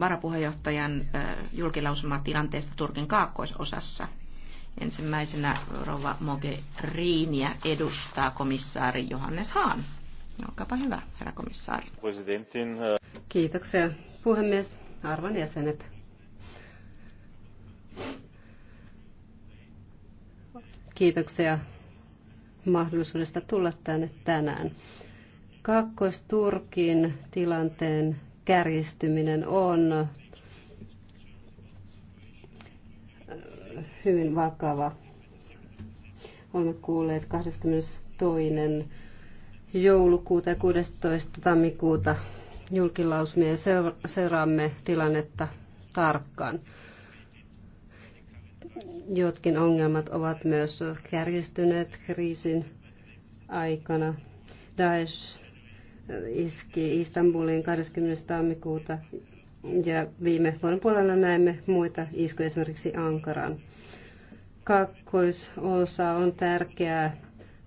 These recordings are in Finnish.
varapuheenjohtajan julkilausumaa tilanteesta Turkin kaakkoisosassa. Ensimmäisenä Rova Mogheriniä edustaa komissaari Johannes Haan. Olkaapa hyvä, herra komissaari. Kiitoksia, puhemies, arvon jäsenet. Kiitoksia mahdollisuudesta tulla tänne tänään. Kaakkois-Turkin tilanteen kärjistyminen on äh, hyvin vakava. Olemme kuulleet 22. joulukuuta ja 16. tammikuuta julkilausumia ja seuraamme tilannetta tarkkaan. Jotkin ongelmat ovat myös kärjistyneet kriisin aikana. Daesh iski Istanbuliin 20. tammikuuta ja viime vuoden puolella näemme muita iskuja esimerkiksi Ankaraan. Kakkoisosa on tärkeää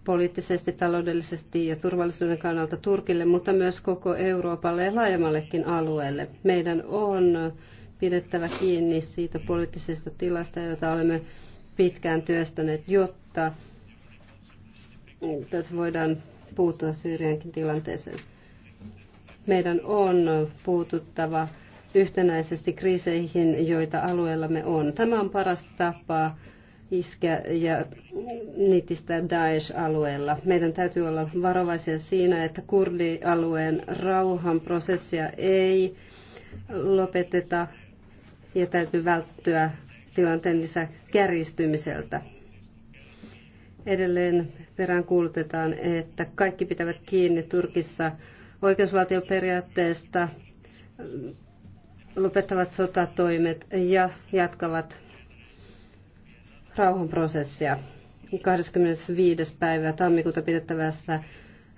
poliittisesti, taloudellisesti ja turvallisuuden kannalta Turkille, mutta myös koko Euroopalle ja laajemmallekin alueelle. Meidän on pidettävä kiinni siitä poliittisesta tilasta, jota olemme pitkään työstäneet, jotta tässä voidaan puuttua Syyriankin tilanteeseen. Meidän on puututtava yhtenäisesti kriiseihin, joita alueellamme on. Tämä on paras tapa iskeä ja nitistä Daesh-alueella. Meidän täytyy olla varovaisia siinä, että kurdialueen rauhanprosessia ei lopeteta ja täytyy välttyä tilanteen lisä kärjistymiseltä. Edelleen peräänkuulutetaan, että kaikki pitävät kiinni Turkissa oikeusvaltioperiaatteesta, lopettavat sotatoimet ja jatkavat rauhanprosessia. 25. päivä tammikuuta pidettävässä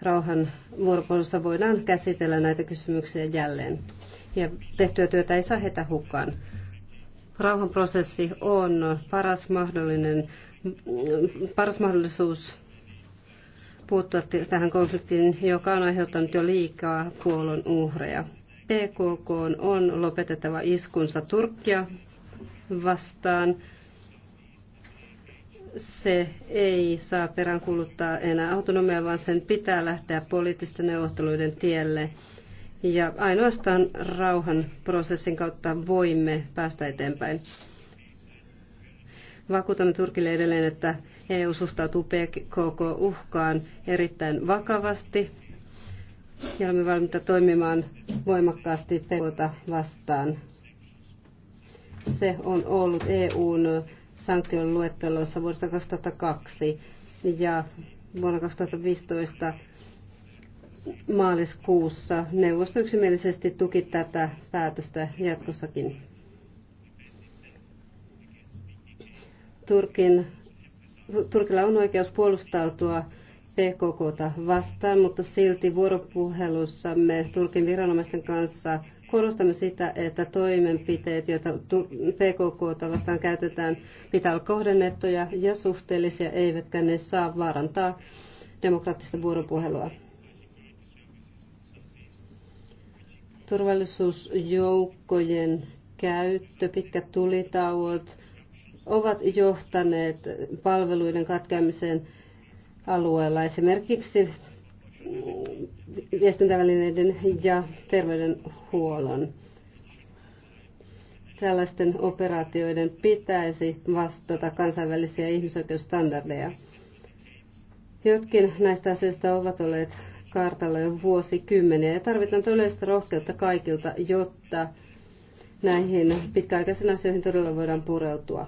rauhan vuoropuolussa voidaan käsitellä näitä kysymyksiä jälleen. Ja tehtyä työtä ei saa heitä hukkaan. Rauhanprosessi on paras, mahdollinen, paras mahdollisuus puuttua tähän konfliktiin, joka on aiheuttanut jo liikaa kuolon uhreja. PKK on lopetettava iskunsa Turkkia vastaan. Se ei saa peräänkuluttaa enää autonomia, vaan sen pitää lähteä poliittisten neuvotteluiden tielle. Ja ainoastaan rauhan prosessin kautta voimme päästä eteenpäin. Vakuutamme Turkille edelleen, että EU suhtautuu PKK-uhkaan erittäin vakavasti ja olemme valmiita toimimaan voimakkaasti PKta vastaan. Se on ollut EUn sanktion luettelossa vuodesta 2002 ja vuonna 2015 maaliskuussa neuvosto yksimielisesti tuki tätä päätöstä jatkossakin. Turkin Turkilla on oikeus puolustautua PKK e vastaan, mutta silti vuoropuhelussamme Turkin viranomaisten kanssa korostamme sitä, että toimenpiteet, joita PKK vastaan käytetään, pitää olla kohdennettuja ja suhteellisia, eivätkä ne saa vaarantaa demokraattista vuoropuhelua. Turvallisuusjoukkojen käyttö, pitkät tulitauot, ovat johtaneet palveluiden katkeamiseen alueella. Esimerkiksi viestintävälineiden ja terveydenhuollon. Tällaisten operaatioiden pitäisi vastata kansainvälisiä ihmisoikeusstandardeja. Jotkin näistä asioista ovat olleet kartalla jo vuosikymmeniä ja tarvitaan todellista rohkeutta kaikilta, jotta näihin pitkäaikaisiin asioihin todella voidaan pureutua.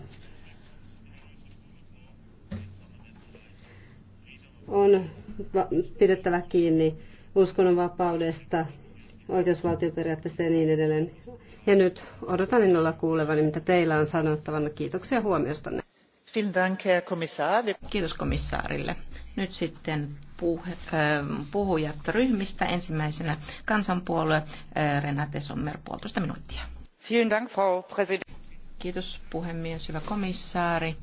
on pidettävä kiinni uskonnonvapaudesta, oikeusvaltioperiaatteesta ja niin edelleen. Ja nyt odotan innolla kuulevani, mitä teillä on sanottavana. Kiitoksia huomiostanne. Kiitos komissaarille. Nyt sitten ähm, puhujat ryhmistä. Ensimmäisenä kansanpuolue äh, Renate Sommer, puolitoista minuuttia. Kiitos puhemies, hyvä komissaari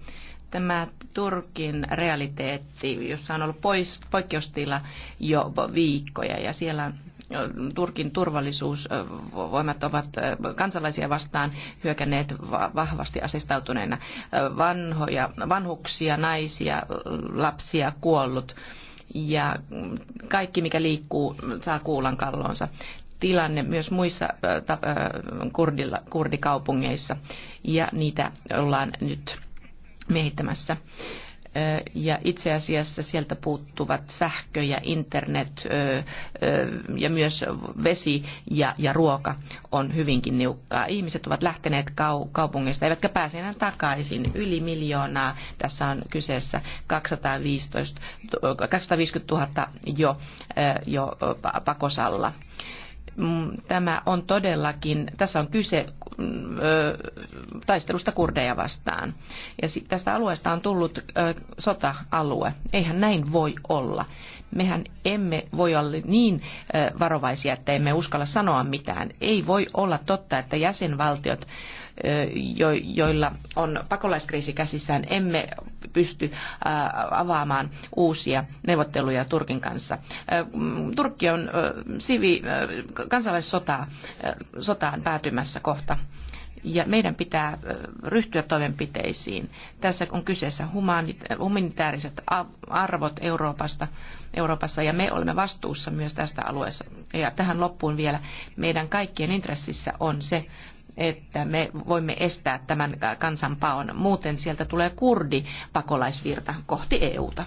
tämä Turkin realiteetti, jossa on ollut pois, poikkeustila jo viikkoja ja siellä Turkin turvallisuusvoimat ovat kansalaisia vastaan hyökänneet vahvasti asestautuneena vanhoja, vanhuksia, naisia, lapsia kuollut ja kaikki mikä liikkuu saa kuulan kallonsa tilanne myös muissa kurdikaupungeissa ja niitä ollaan nyt miehittämässä. Ja itse asiassa sieltä puuttuvat sähkö ja internet ja myös vesi ja, ja ruoka on hyvinkin niukkaa. Ihmiset ovat lähteneet kaupungista, eivätkä pääse enää takaisin. Yli miljoonaa, tässä on kyseessä 215, 250 000 jo, jo pakosalla mm, tämä on todellakin, tässä on kyse mm, taistelusta kurdeja vastaan. Ja tästä alueesta on tullut sota-alue. Eihän näin voi olla. Mehän emme voi olla niin varovaisia, että emme uskalla sanoa mitään. Ei voi olla totta, että jäsenvaltiot joilla on pakolaiskriisi käsissään, emme pysty avaamaan uusia neuvotteluja Turkin kanssa. Turkki on sivi, kansalaissotaan päätymässä kohta ja meidän pitää ryhtyä toimenpiteisiin. Tässä on kyseessä humanitaariset arvot Euroopasta, Euroopassa ja me olemme vastuussa myös tästä alueesta. Ja tähän loppuun vielä meidän kaikkien intressissä on se, että me voimme estää tämän kansanpaon. Muuten sieltä tulee kurdi pakolaisvirta kohti EUta.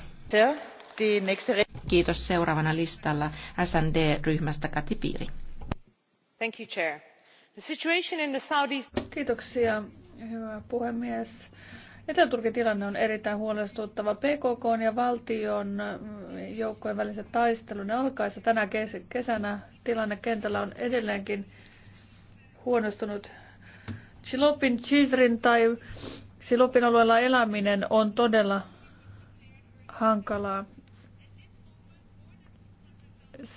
Kiitos seuraavana listalla SND-ryhmästä Kati Piiri. Thank you, Chair Kiitoksia, hyvä puhemies. Etelä-Turkin tilanne on erittäin huolestuttava. PKK ja valtion joukkojen väliset taistelun alkaessa tänä kesänä tilanne kentällä on edelleenkin huonostunut. Silopin, Chisrin tai Silopin alueella eläminen on todella hankalaa.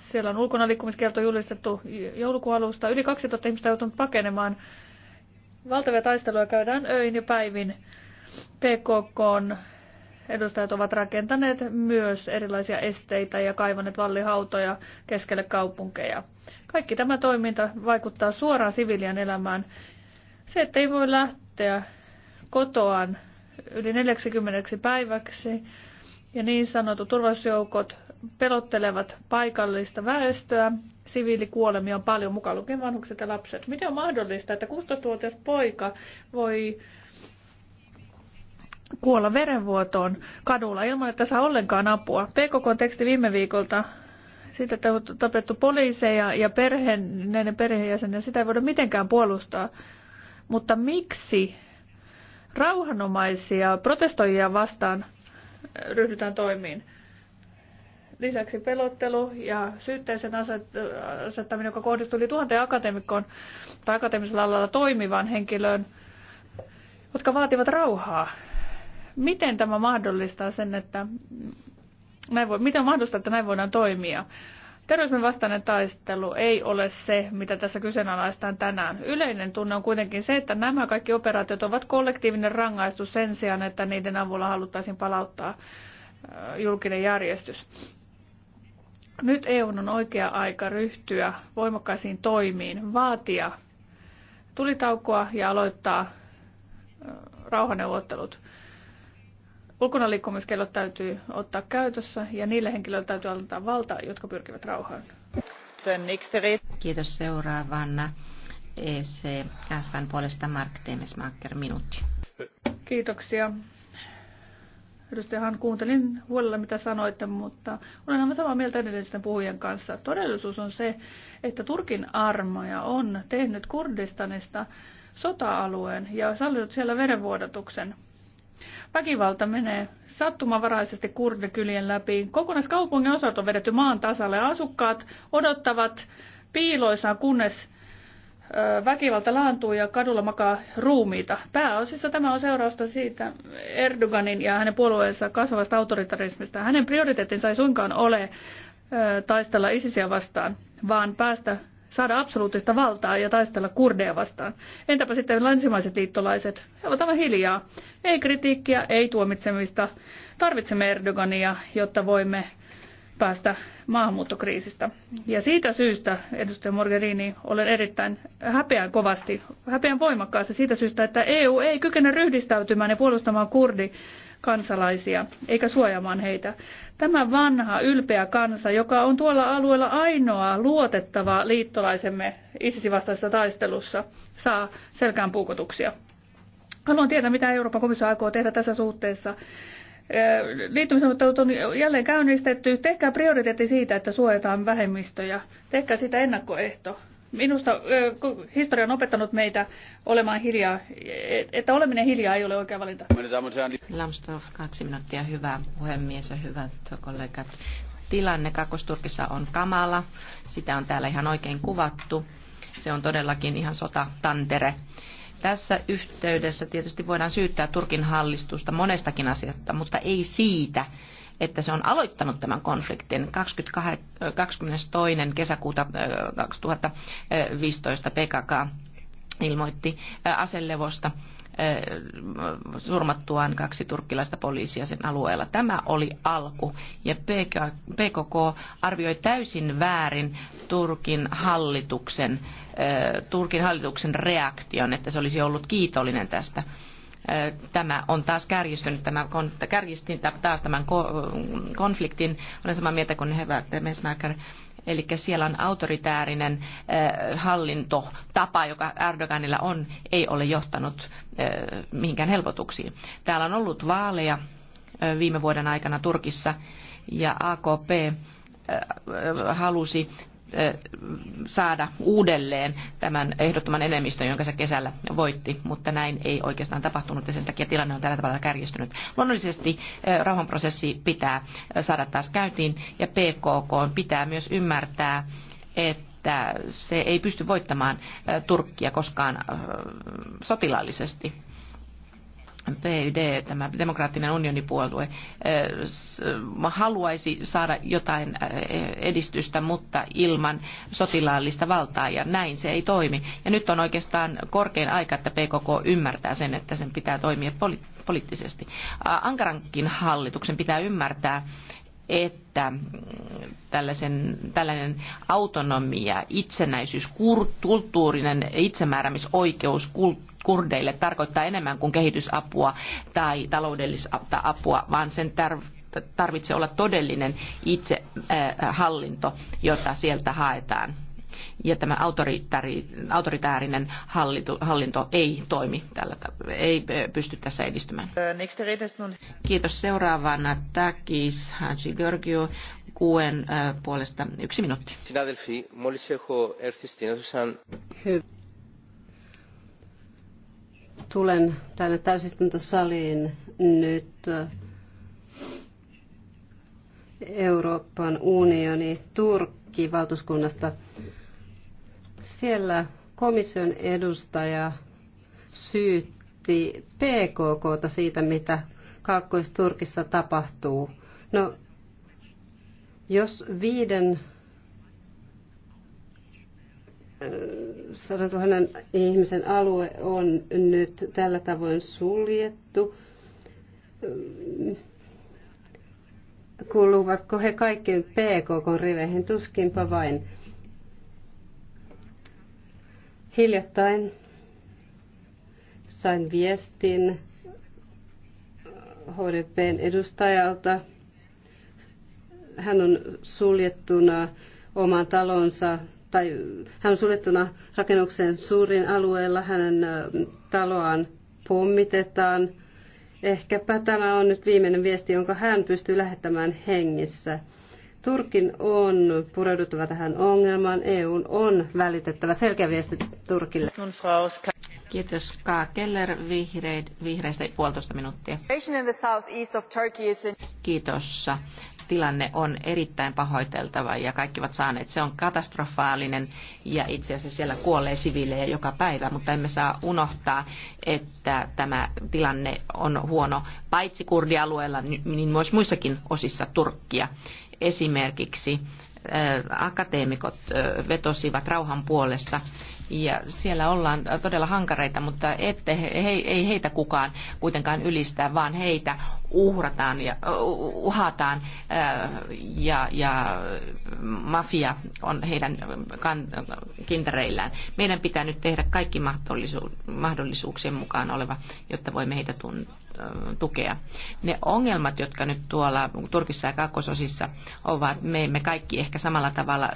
Siellä on ulkonaliikkumiskielto julistettu joulukuun alusta. Yli 2000 ihmistä on joutunut pakenemaan. Valtavia taisteluja käydään öin ja päivin. PKK edustajat ovat rakentaneet myös erilaisia esteitä ja kaivaneet vallihautoja keskelle kaupunkeja. Kaikki tämä toiminta vaikuttaa suoraan sivilian elämään. Se, että ei voi lähteä kotoaan yli 40 päiväksi, ja niin sanotut turvallisuusjoukot pelottelevat paikallista väestöä. Siviilikuolemia on paljon, mukaan lukien vanhukset ja lapset. Miten on mahdollista, että 16-vuotias poika voi kuolla verenvuotoon kadulla ilman, että saa ollenkaan apua? PKK-teksti viime viikolta siitä on tapettu poliiseja ja perheen, näiden ja sitä ei voida mitenkään puolustaa. Mutta miksi rauhanomaisia protestoijia vastaan ryhdytään toimiin. Lisäksi pelottelu ja syytteisen asettaminen, joka kohdistui yli tuhanteen akateemikkoon tai akateemisella alalla toimivaan henkilöön, jotka vaativat rauhaa. Miten tämä mahdollistaa sen, että näin voi, miten on mahdollista, että näin voidaan toimia? Terrorismin vastainen taistelu ei ole se, mitä tässä kyseenalaistaan tänään. Yleinen tunne on kuitenkin se, että nämä kaikki operaatiot ovat kollektiivinen rangaistus sen sijaan, että niiden avulla haluttaisiin palauttaa julkinen järjestys. Nyt EUn on oikea aika ryhtyä voimakkaisiin toimiin, vaatia tulitaukoa ja aloittaa rauhaneuvottelut. Ulkonaliikkumiskellot täytyy ottaa käytössä ja niille henkilöille täytyy antaa valta, jotka pyrkivät rauhaan. Kiitos seuraavana. ECFn puolesta Mark Demesmaker, minuutti. Kiitoksia. Edustajahan, kuuntelin huolella mitä sanoitte, mutta olen aivan samaa mieltä edellisten puhujien kanssa. Todellisuus on se, että Turkin armoja on tehnyt Kurdistanista sota-alueen ja sallinut siellä verenvuodatuksen – Väkivalta menee sattumavaraisesti kurdekylien läpi. Kokonaiskaupungin osat on vedetty maan tasalle asukkaat odottavat piiloissaan, kunnes väkivalta laantuu ja kadulla makaa ruumiita. Pääosissa tämä on seurausta siitä Erdoganin ja hänen puolueensa kasvavasta autoritarismista. Hänen prioriteettinsa ei suinkaan ole taistella ISISiä vastaan, vaan päästä saada absoluuttista valtaa ja taistella kurdeja vastaan. Entäpä sitten länsimaiset liittolaiset? He ovat aivan hiljaa. Ei kritiikkiä, ei tuomitsemista. Tarvitsemme Erdogania, jotta voimme päästä maahanmuuttokriisistä. Ja siitä syystä, edustaja Morgerini, olen erittäin häpeän kovasti, häpeän voimakkaasti siitä syystä, että EU ei kykene ryhdistäytymään ja puolustamaan kurdi kansalaisia, eikä suojaamaan heitä. Tämä vanha, ylpeä kansa, joka on tuolla alueella ainoa luotettava liittolaisemme ISISin vastaisessa taistelussa, saa selkään puukotuksia. Haluan tietää, mitä Euroopan komissio aikoo tehdä tässä suhteessa. Liittymisneuvottelut on jälleen käynnistetty. Tehkää prioriteetti siitä, että suojataan vähemmistöjä. Tehkää sitä ennakkoehto. Minusta historia on opettanut meitä olemaan hiljaa, e, että oleminen hiljaa ei ole oikea valinta. Lamstorff, kaksi minuuttia. Hyvä puhemies ja hyvät kollegat. Tilanne Kakosturkissa on kamala. Sitä on täällä ihan oikein kuvattu. Se on todellakin ihan sota tantere. Tässä yhteydessä tietysti voidaan syyttää Turkin hallistusta monestakin asiasta, mutta ei siitä, että se on aloittanut tämän konfliktin. 22. kesäkuuta 2015 PKK ilmoitti aselevosta surmattuaan kaksi turkkilaista poliisia sen alueella. Tämä oli alku ja PKK arvioi täysin väärin Turkin hallituksen, Turkin hallituksen reaktion, että se olisi ollut kiitollinen tästä. Tämä on taas kärjistynyt, tämä kärjistin taas tämän konfliktin. Olen samaa mieltä kuin Hevert Mesmaker Eli siellä on autoritäärinen hallintotapa, joka Erdoganilla on, ei ole johtanut mihinkään helpotuksiin. Täällä on ollut vaaleja viime vuoden aikana Turkissa ja AKP halusi saada uudelleen tämän ehdottoman enemmistön, jonka se kesällä voitti, mutta näin ei oikeastaan tapahtunut ja sen takia tilanne on tällä tavalla kärjistynyt. Luonnollisesti rauhanprosessi pitää saada taas käyntiin ja PKK pitää myös ymmärtää, että se ei pysty voittamaan Turkkia koskaan sotilaallisesti PYD, tämä demokraattinen unionipuolue, eh, haluaisi saada jotain eh, edistystä, mutta ilman sotilaallista valtaa, ja näin se ei toimi. Ja nyt on oikeastaan korkein aika, että PKK ymmärtää sen, että sen pitää toimia poli- poliittisesti. Ankarankin hallituksen pitää ymmärtää, että tällaisen, tällainen autonomia, itsenäisyys, kulttuurinen itsemääräämisoikeus kurdeille tarkoittaa enemmän kuin kehitysapua tai taloudellista apua, vaan sen tarvitsee olla todellinen itsehallinto, äh, jota sieltä haetaan ja tämä autoritäärinen hallinto, hallinto ei toimi tällä ei pysty tässä edistymään. Kiitos seuraavana Takis Hansi Georgiou kuen puolesta yksi minuutti. Tulen tänne täysistuntosaliin nyt Euroopan unioni Turkki valtuuskunnasta siellä komission edustaja syytti PKK siitä, mitä Kaakkois-Turkissa tapahtuu. No, jos viiden 100 ihmisen alue on nyt tällä tavoin suljettu, kuuluvatko he kaikkiin PKK-riveihin? Tuskinpa vain. Hiljattain sain viestin HDPn äh, edustajalta. Hän on suljettuna omaan talonsa tai hän on suljettuna rakennuksen suurin alueella. Hänen äh, taloaan pommitetaan. Ehkäpä tämä on nyt viimeinen viesti, jonka hän pystyy lähettämään hengissä. Turkin on pureuduttava tähän ongelmaan. EU on välitettävä selkeä viesti Turkille. Kiitos Ka Keller vihreid, vihreistä puolitoista minuuttia. Kiitos. Tilanne on erittäin pahoiteltava ja kaikki ovat saaneet. Se on katastrofaalinen ja itse asiassa siellä kuolee siviilejä joka päivä, mutta emme saa unohtaa, että tämä tilanne on huono paitsi kurdialueella, niin myös muissakin osissa Turkkia esimerkiksi äh, akateemikot äh, vetosivat rauhan puolesta ja siellä ollaan todella hankareita, mutta ette, he, ei heitä kukaan kuitenkaan ylistää, vaan heitä uhrataan ja uhataan äh, ja, ja mafia on heidän kintareillään. Meidän pitää nyt tehdä kaikki mahdollisuuksien mukaan oleva, jotta voimme heitä tuntea Äh, tukea. Ne ongelmat, jotka nyt tuolla Turkissa ja kakkososissa ovat, me emme kaikki ehkä samalla tavalla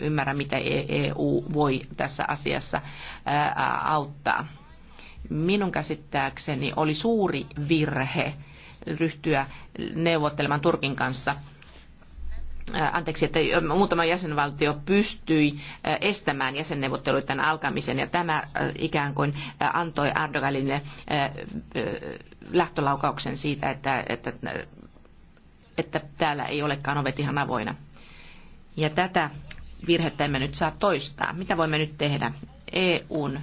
ymmärrä, mitä EU e voi tässä asiassa äh, auttaa. Minun käsittääkseni oli suuri virhe ryhtyä neuvottelemaan Turkin kanssa anteeksi, että muutama jäsenvaltio pystyi estämään jäsenneuvotteluiden alkamisen ja tämä ikään kuin antoi Erdoganille lähtölaukauksen siitä, että, että, että täällä ei olekaan ovet ihan avoina. Ja tätä virhettä emme nyt saa toistaa. Mitä voimme nyt tehdä? EUn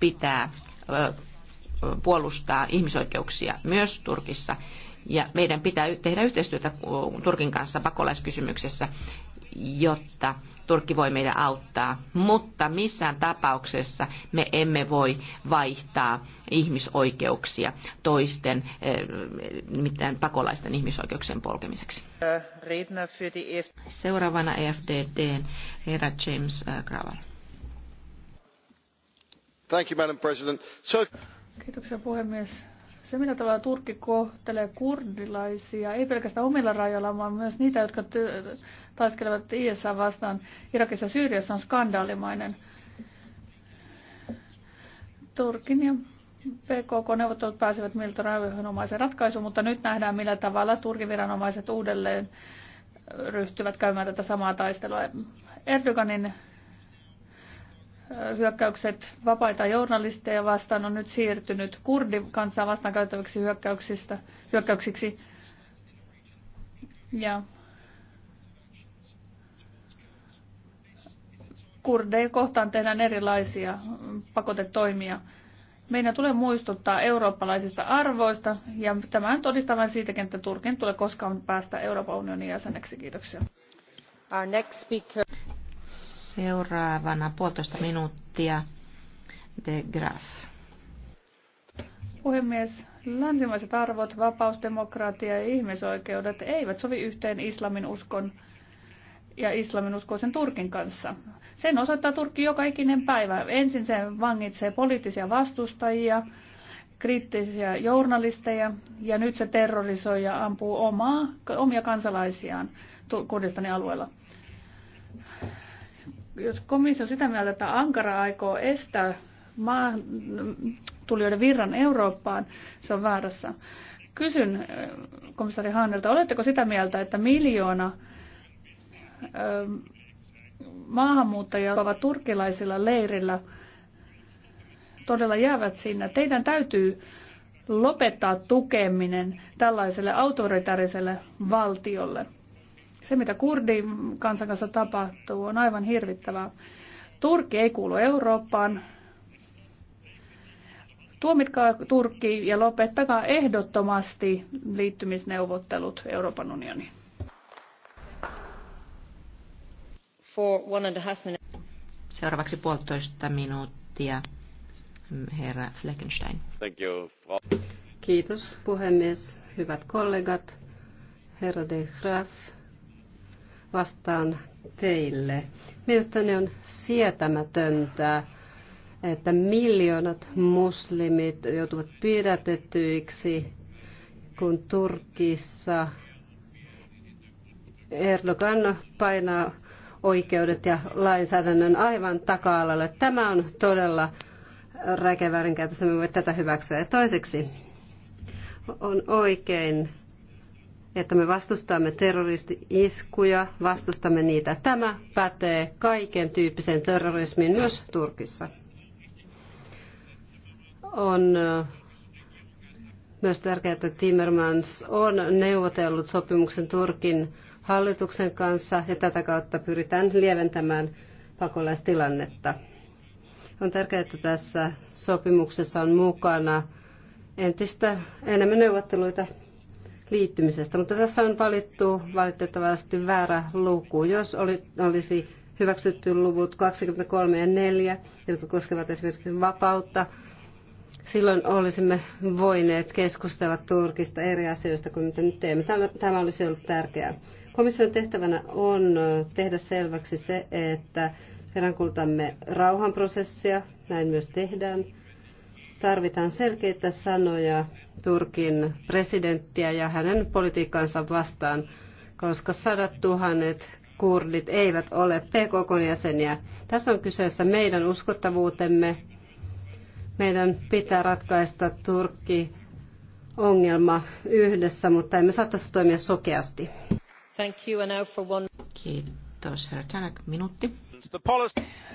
pitää puolustaa ihmisoikeuksia myös Turkissa ja meidän pitää tehdä yhteistyötä Turkin kanssa pakolaiskysymyksessä, jotta Turkki voi meitä auttaa. Mutta missään tapauksessa me emme voi vaihtaa ihmisoikeuksia toisten eh, mitään pakolaisten ihmisoikeuksien polkemiseksi. Seuraavana EFDD, herra James eh, Gravel. Thank you, Madam President. So... Kiitoksia puhemies. Se, millä tavalla Turkki kohtelee kurdilaisia, ei pelkästään omilla rajoilla, vaan myös niitä, jotka taiskelevat ISA vastaan Irakissa ja Syyriassa, on skandaalimainen. Turkin ja PKK-neuvottelut pääsivät miltä rauhanomaisen ratkaisuun, mutta nyt nähdään, millä tavalla Turkin viranomaiset uudelleen ryhtyvät käymään tätä samaa taistelua. Erdoganin hyökkäykset vapaita journalisteja vastaan on nyt siirtynyt kurdikansaa vastaan käytäväksi hyökkäyksistä, hyökkäyksiksi. Ja kurdeja kohtaan tehdään erilaisia pakotetoimia. Meidän tulee muistuttaa eurooppalaisista arvoista ja tämän todistavan vain siitäkin, että Turkin tulee koskaan päästä Euroopan unionin jäseneksi. Kiitoksia. Our next speaker. Seuraavana puolitoista minuuttia De Graaf. Puhemies, länsimaiset arvot, vapaus, demokratia ja ihmisoikeudet eivät sovi yhteen islamin uskon ja islamin uskoisen Turkin kanssa. Sen osoittaa Turkki joka ikinen päivä. Ensin se vangitsee poliittisia vastustajia, kriittisiä journalisteja ja nyt se terrorisoi ja ampuu omaa, omia kansalaisiaan Kurdistanin alueella jos komissio on sitä mieltä, että Ankara aikoo estää maahantulijoiden virran Eurooppaan, se on väärässä. Kysyn komissaari Hannelta, oletteko sitä mieltä, että miljoona maahanmuuttajia ovat turkilaisilla leirillä todella jäävät sinne. Teidän täytyy lopettaa tukeminen tällaiselle autoritaariselle valtiolle. Se, mitä kansan kanssa tapahtuu, on aivan hirvittävää. Turkki ei kuulu Eurooppaan. Tuomitkaa Turkki ja lopettakaa ehdottomasti liittymisneuvottelut Euroopan unioniin. For one and a half Seuraavaksi puolitoista minuuttia. Herra Fleckenstein. Thank you, Frau. Kiitos puhemies, hyvät kollegat, herra de Graaf, vastaan teille. Mielestäni on sietämätöntä, että miljoonat muslimit joutuvat pidätetyiksi, kun Turkissa Erdogan painaa oikeudet ja lainsäädännön aivan taka-alalle. Tämä on todella räkevä väärinkäytös, me voimme tätä hyväksyä. Ja toiseksi on oikein, että me vastustamme terroristi-iskuja, vastustamme niitä. Tämä pätee kaiken tyyppiseen terrorismiin myös Turkissa. On myös tärkeää, että Timmermans on neuvotellut sopimuksen Turkin hallituksen kanssa ja tätä kautta pyritään lieventämään pakolaistilannetta. On tärkeää, että tässä sopimuksessa on mukana entistä enemmän neuvotteluita liittymisestä, mutta tässä on valittu valitettavasti väärä luku. Jos oli, olisi hyväksytty luvut 23 ja 4, jotka koskevat esimerkiksi vapautta, silloin olisimme voineet keskustella Turkista eri asioista kuin mitä nyt teemme. Tämä, tämä olisi ollut tärkeää. Komission tehtävänä on tehdä selväksi se, että peräänkultamme rauhanprosessia, näin myös tehdään – Tarvitaan selkeitä sanoja Turkin presidenttiä ja hänen politiikkaansa vastaan, koska sadat tuhannet kurdit eivät ole PKK-jäseniä. Tässä on kyseessä meidän uskottavuutemme. Meidän pitää ratkaista Turkki ongelma yhdessä, mutta emme saattaisi toimia sokeasti. Thank you, and now for one... Kiitos, herra Tänäk. Minuutti.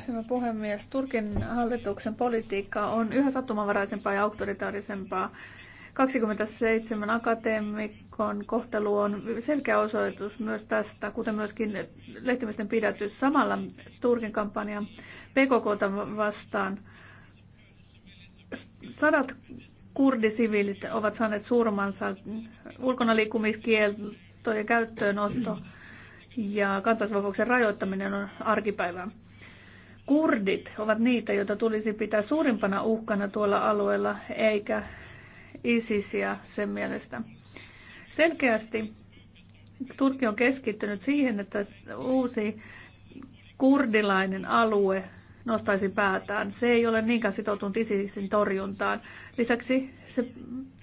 Hyvä puhemies, Turkin hallituksen politiikka on yhä sattumanvaraisempaa ja autoritaarisempaa. 27 akateemikon kohtelu on selkeä osoitus myös tästä, kuten myöskin lehtimisten pidätys samalla Turkin kampanjan PKK vastaan. Sadat kurdisiviilit ovat saaneet surmansa ulkonaliikkumiskieltojen käyttöönotto. Mm ja kansallisvapauksen rajoittaminen on arkipäivää. Kurdit ovat niitä, joita tulisi pitää suurimpana uhkana tuolla alueella, eikä ISISiä sen mielestä. Selkeästi Turkki on keskittynyt siihen, että uusi kurdilainen alue nostaisi päätään. Se ei ole niinkään sitoutunut ISISin torjuntaan. Lisäksi se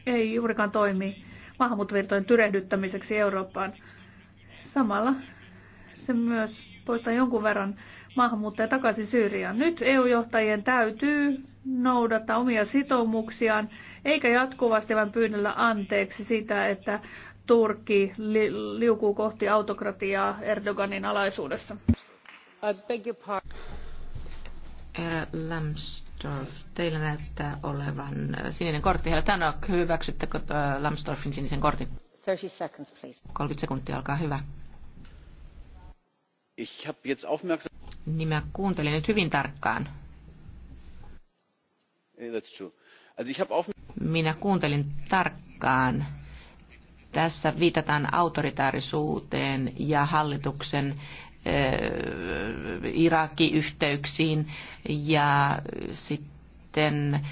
ei juurikaan toimi maahanmuuttovirtojen tyrehdyttämiseksi Eurooppaan. Samalla se myös poistaa jonkun verran maahanmuuttajia takaisin Syyriaan. Nyt EU-johtajien täytyy noudattaa omia sitoumuksiaan, eikä jatkuvasti vain pyynnellä anteeksi sitä, että Turkki li- liukuu kohti autokratiaa Erdoganin alaisuudessa. Herra Lambsdorff, teillä näyttää olevan sininen kortti. Herra Tanok, hyväksyttekö äh, Lambsdorffin sinisen kortin? 30 seconds, please. 30 sekuntia, alkaa hyvä. Ich habe jetzt aufmerksam... Niin mä kuuntelin nyt hyvin tarkkaan. That's true. Also ich auf... Minä kuuntelin tarkkaan. Tässä viitataan autoritaarisuuteen ja hallituksen eh, Iraki-yhteyksiin ja sitten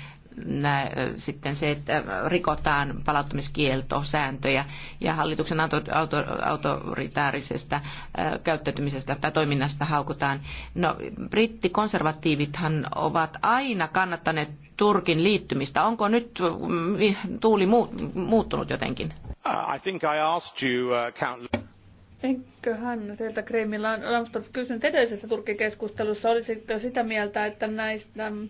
nä, sitten se, että rikotaan palauttamiskieltosääntöjä ja hallituksen auto, auto, autoritaarisesta ää, käyttäytymisestä tai toiminnasta haukutaan. No, brittikonservatiivithan ovat aina kannattaneet Turkin liittymistä. Onko nyt mm, tuuli muuttunut jotenkin? Uh, I think I asked you, uh, count... Enköhän teiltä Kreimillä on kysynyt edellisessä Turkki-keskustelussa, olisitko sitä mieltä, että näistä mm,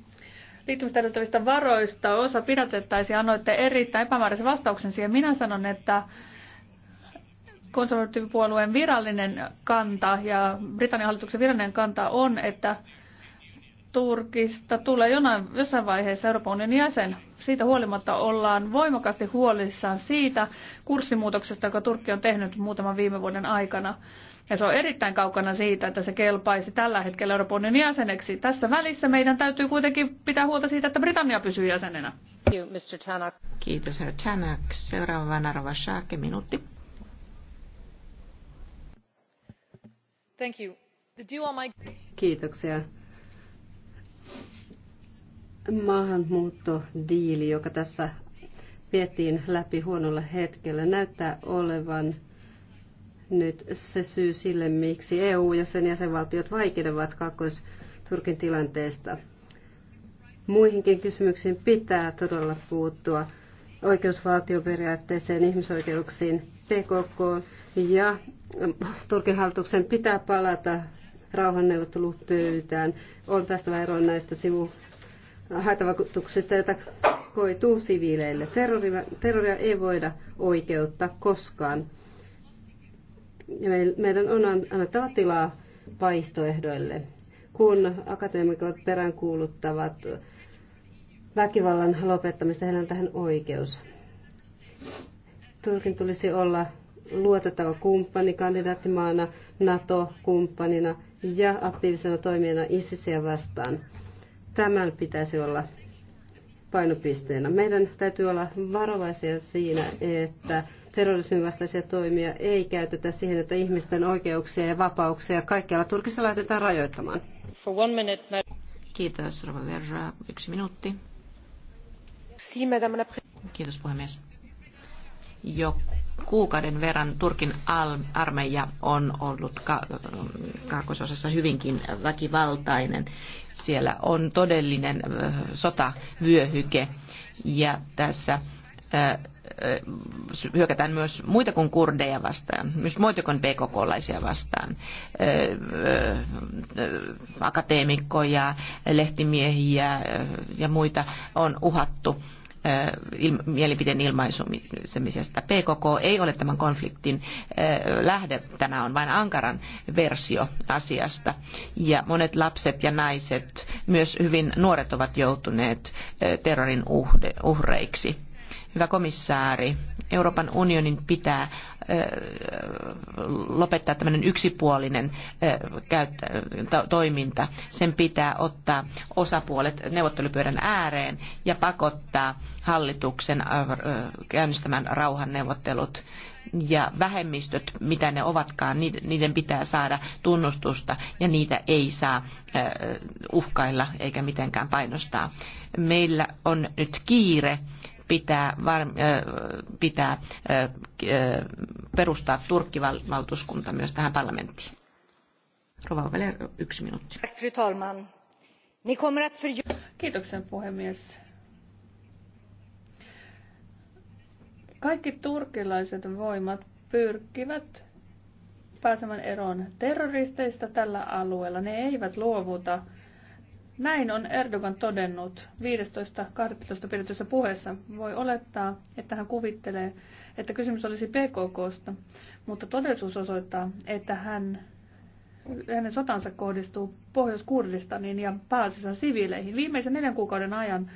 liittymistä varoista osa pidätettäisiin. Annoitte erittäin epämääräisen vastauksen siihen. Minä sanon, että konservatiivipuolueen virallinen kanta ja Britannian hallituksen virallinen kanta on, että Turkista tulee jonain, jossain vaiheessa Euroopan unionin jäsen. Siitä huolimatta ollaan voimakkaasti huolissaan siitä kurssimuutoksesta, joka Turkki on tehnyt muutaman viime vuoden aikana. Ja se on erittäin kaukana siitä, että se kelpaisi tällä hetkellä Euroopan unionin jäseneksi. Tässä välissä meidän täytyy kuitenkin pitää huolta siitä, että Britannia pysyy jäsenenä. Kiitos, herra Tanak. Seuraavana Rova Shaake, minuutti. Thank you. The deal Kiitoksia maahanmuuttodiili, joka tässä vietiin läpi huonolla hetkellä, näyttää olevan nyt se syy sille, miksi EU ja sen jäsenvaltiot vaikenevat kakkois turkin tilanteesta. Muihinkin kysymyksiin pitää todella puuttua oikeusvaltioperiaatteeseen, ihmisoikeuksiin, PKK ja Turkin hallituksen pitää palata rauhanneuvottelupöytään. On päästävä eroon näistä sivu haitavakuutuksista, joita koituu siviileille. Terroria, terroria ei voida oikeuttaa koskaan. Meidän on annettava tilaa vaihtoehdoille. Kun akateemikot peräänkuuluttavat väkivallan lopettamista, heillä on tähän oikeus. Turkin tulisi olla luotettava kumppani kandidaattimaana, NATO-kumppanina ja aktiivisena toimijana ISISiä vastaan. Tämän pitäisi olla painopisteenä. Meidän täytyy olla varovaisia siinä, että terrorismin vastaisia toimia ei käytetä siihen, että ihmisten oikeuksia ja vapauksia kaikkialla Turkissa lähdetään rajoittamaan. Kiitos, Rova Verra. Yksi minuutti. Kiitos, puhemies. Joku kuukauden verran Turkin armeija on ollut ka- kaakososassa hyvinkin väkivaltainen. Siellä on todellinen sotavyöhyke ja tässä hyökätään myös muita kuin kurdeja vastaan, myös muita kuin PKK-laisia vastaan, akateemikkoja, lehtimiehiä ja muita on uhattu Äh, mielipiteen ilmaisemisesta. PKK ei ole tämän konfliktin äh, lähde, tämä on vain Ankaran versio asiasta. Ja monet lapset ja naiset, myös hyvin nuoret ovat joutuneet äh, terrorin uhreiksi. Hyvä komissaari, Euroopan unionin pitää lopettaa tämmöinen yksipuolinen toiminta. Sen pitää ottaa osapuolet neuvottelupyörän ääreen ja pakottaa hallituksen käynnistämään rauhanneuvottelut ja vähemmistöt, mitä ne ovatkaan, niiden pitää saada tunnustusta ja niitä ei saa uhkailla eikä mitenkään painostaa. Meillä on nyt kiire pitää, var, pitää perustaa turkkivaltuuskunta myös tähän parlamenttiin. Rova vielä yksi minuutti. Fru talman. Ni kommer att för... Kiitoksia puhemies. Kaikki turkilaiset voimat pyrkivät pääsemään eroon terroristeista tällä alueella. Ne eivät luovuta näin on Erdogan todennut 15.12. pidetyssä puheessa. Voi olettaa, että hän kuvittelee, että kysymys olisi PKKsta, mutta todellisuus osoittaa, että hän, hänen sotansa kohdistuu Pohjois-Kurdistaniin ja pääasiassa siviileihin. Viimeisen neljän kuukauden ajan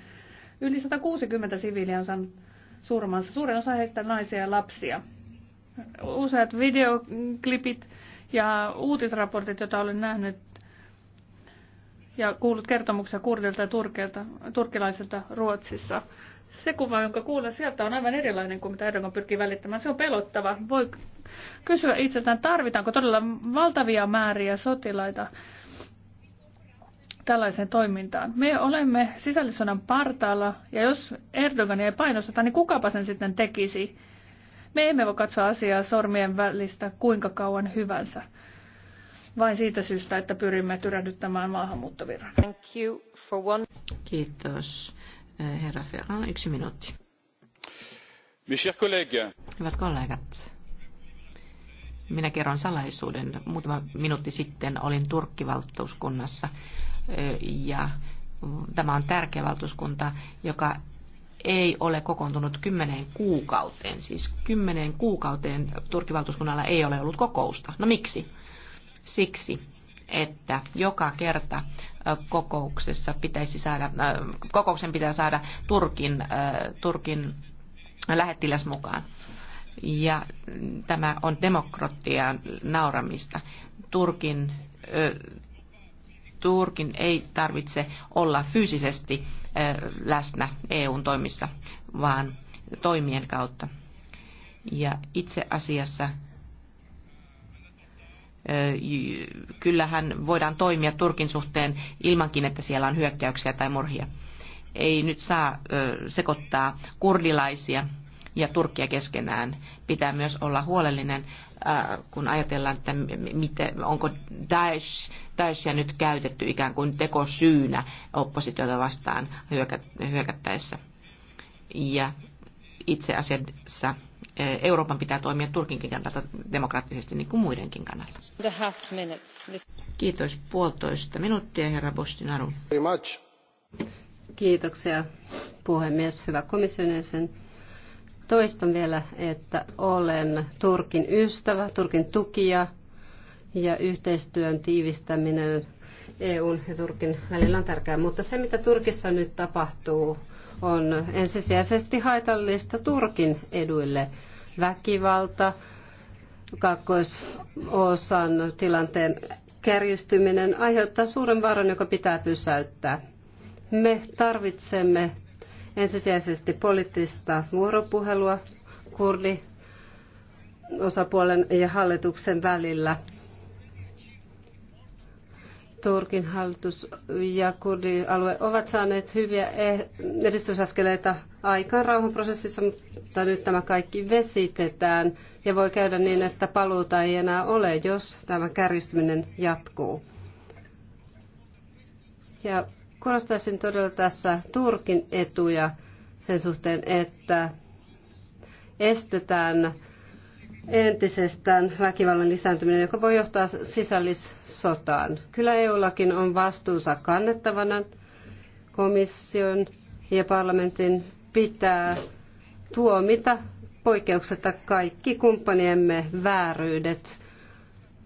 yli 160 siviiliä on saanut surmansa. Suurin osa heistä naisia ja lapsia. Useat videoklipit ja uutisraportit, joita olen nähnyt, ja kuullut kertomuksia kurdilta ja turkilta, turkilaisilta Ruotsissa. Se kuva, jonka kuulen sieltä, on aivan erilainen kuin mitä Erdogan pyrkii välittämään. Se on pelottava. Voi kysyä itseltään, tarvitaanko todella valtavia määriä sotilaita tällaiseen toimintaan. Me olemme sisällissodan partaalla, ja jos Erdogan ei painosteta, niin kukapa sen sitten tekisi? Me emme voi katsoa asiaa sormien välistä kuinka kauan hyvänsä vain siitä syystä, että pyrimme tyrehdyttämään maahanmuuttovirran. Thank you for one... Kiitos. Eh, herra Ferran, yksi minuutti. Mes chers collègues. Hyvät kollegat, minä kerron salaisuuden. Muutama minuutti sitten olin Turkkivaltuuskunnassa eh, ja tämä on tärkeä valtuuskunta, joka ei ole kokoontunut kymmeneen kuukauteen. Siis kymmeneen kuukauteen Turkin valtuuskunnalla ei ole ollut kokousta. No miksi? siksi, että joka kerta kokouksessa pitäisi saada, kokouksen pitää saada Turkin, Turkin lähettiläs mukaan. Ja tämä on demokratian nauramista. Turkin, Turkin ei tarvitse olla fyysisesti läsnä EUn toimissa, vaan toimien kautta. Ja itse asiassa kyllähän voidaan toimia Turkin suhteen ilmankin, että siellä on hyökkäyksiä tai murhia. Ei nyt saa sekoittaa kurdilaisia ja Turkkia keskenään. Pitää myös olla huolellinen, kun ajatellaan, että onko Daesh, Daeshia nyt käytetty ikään kuin tekosyynä oppositiota vastaan hyökättäessä. Ja itse asiassa Eh, Euroopan pitää toimia Turkinkin kannalta demokraattisesti niin kuin muidenkin kannalta. Kiitos puolitoista minuuttia, herra Bostinaru. Kiitoksia, puhemies. Hyvä komission jäsen. Toistan vielä, että olen Turkin ystävä, Turkin tukija ja yhteistyön tiivistäminen EUn ja Turkin välillä on tärkeää. Mutta se, mitä Turkissa nyt tapahtuu, on ensisijaisesti haitallista Turkin eduille. Väkivalta, kakkoisosan tilanteen kärjistyminen aiheuttaa suuren vaaran, joka pitää pysäyttää. Me tarvitsemme ensisijaisesti poliittista vuoropuhelua kurdi osapuolen ja hallituksen välillä Turkin hallitus ja kurdialue ovat saaneet hyviä eh- edistysaskeleita aikaan rauhanprosessissa, mutta nyt tämä kaikki vesitetään ja voi käydä niin, että paluuta ei enää ole, jos tämä kärjistyminen jatkuu. Ja korostaisin todella tässä Turkin etuja sen suhteen, että estetään entisestään väkivallan lisääntyminen, joka voi johtaa sisällissotaan. Kyllä EUllakin on vastuunsa kannettavana. Komission ja parlamentin pitää tuomita poikkeuksetta kaikki kumppaniemme vääryydet,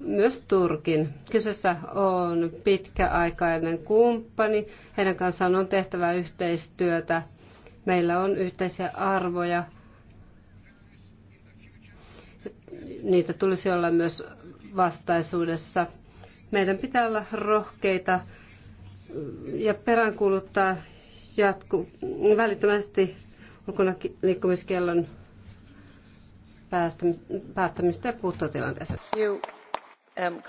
myös Turkin. Kyseessä on pitkäaikainen kumppani. Heidän kanssaan on tehtävä yhteistyötä. Meillä on yhteisiä arvoja niitä tulisi olla myös vastaisuudessa. Meidän pitää olla rohkeita ja peräänkuuluttaa jatku, välittömästi ulkona päättämistä ja puuttua tilanteeseen. Um,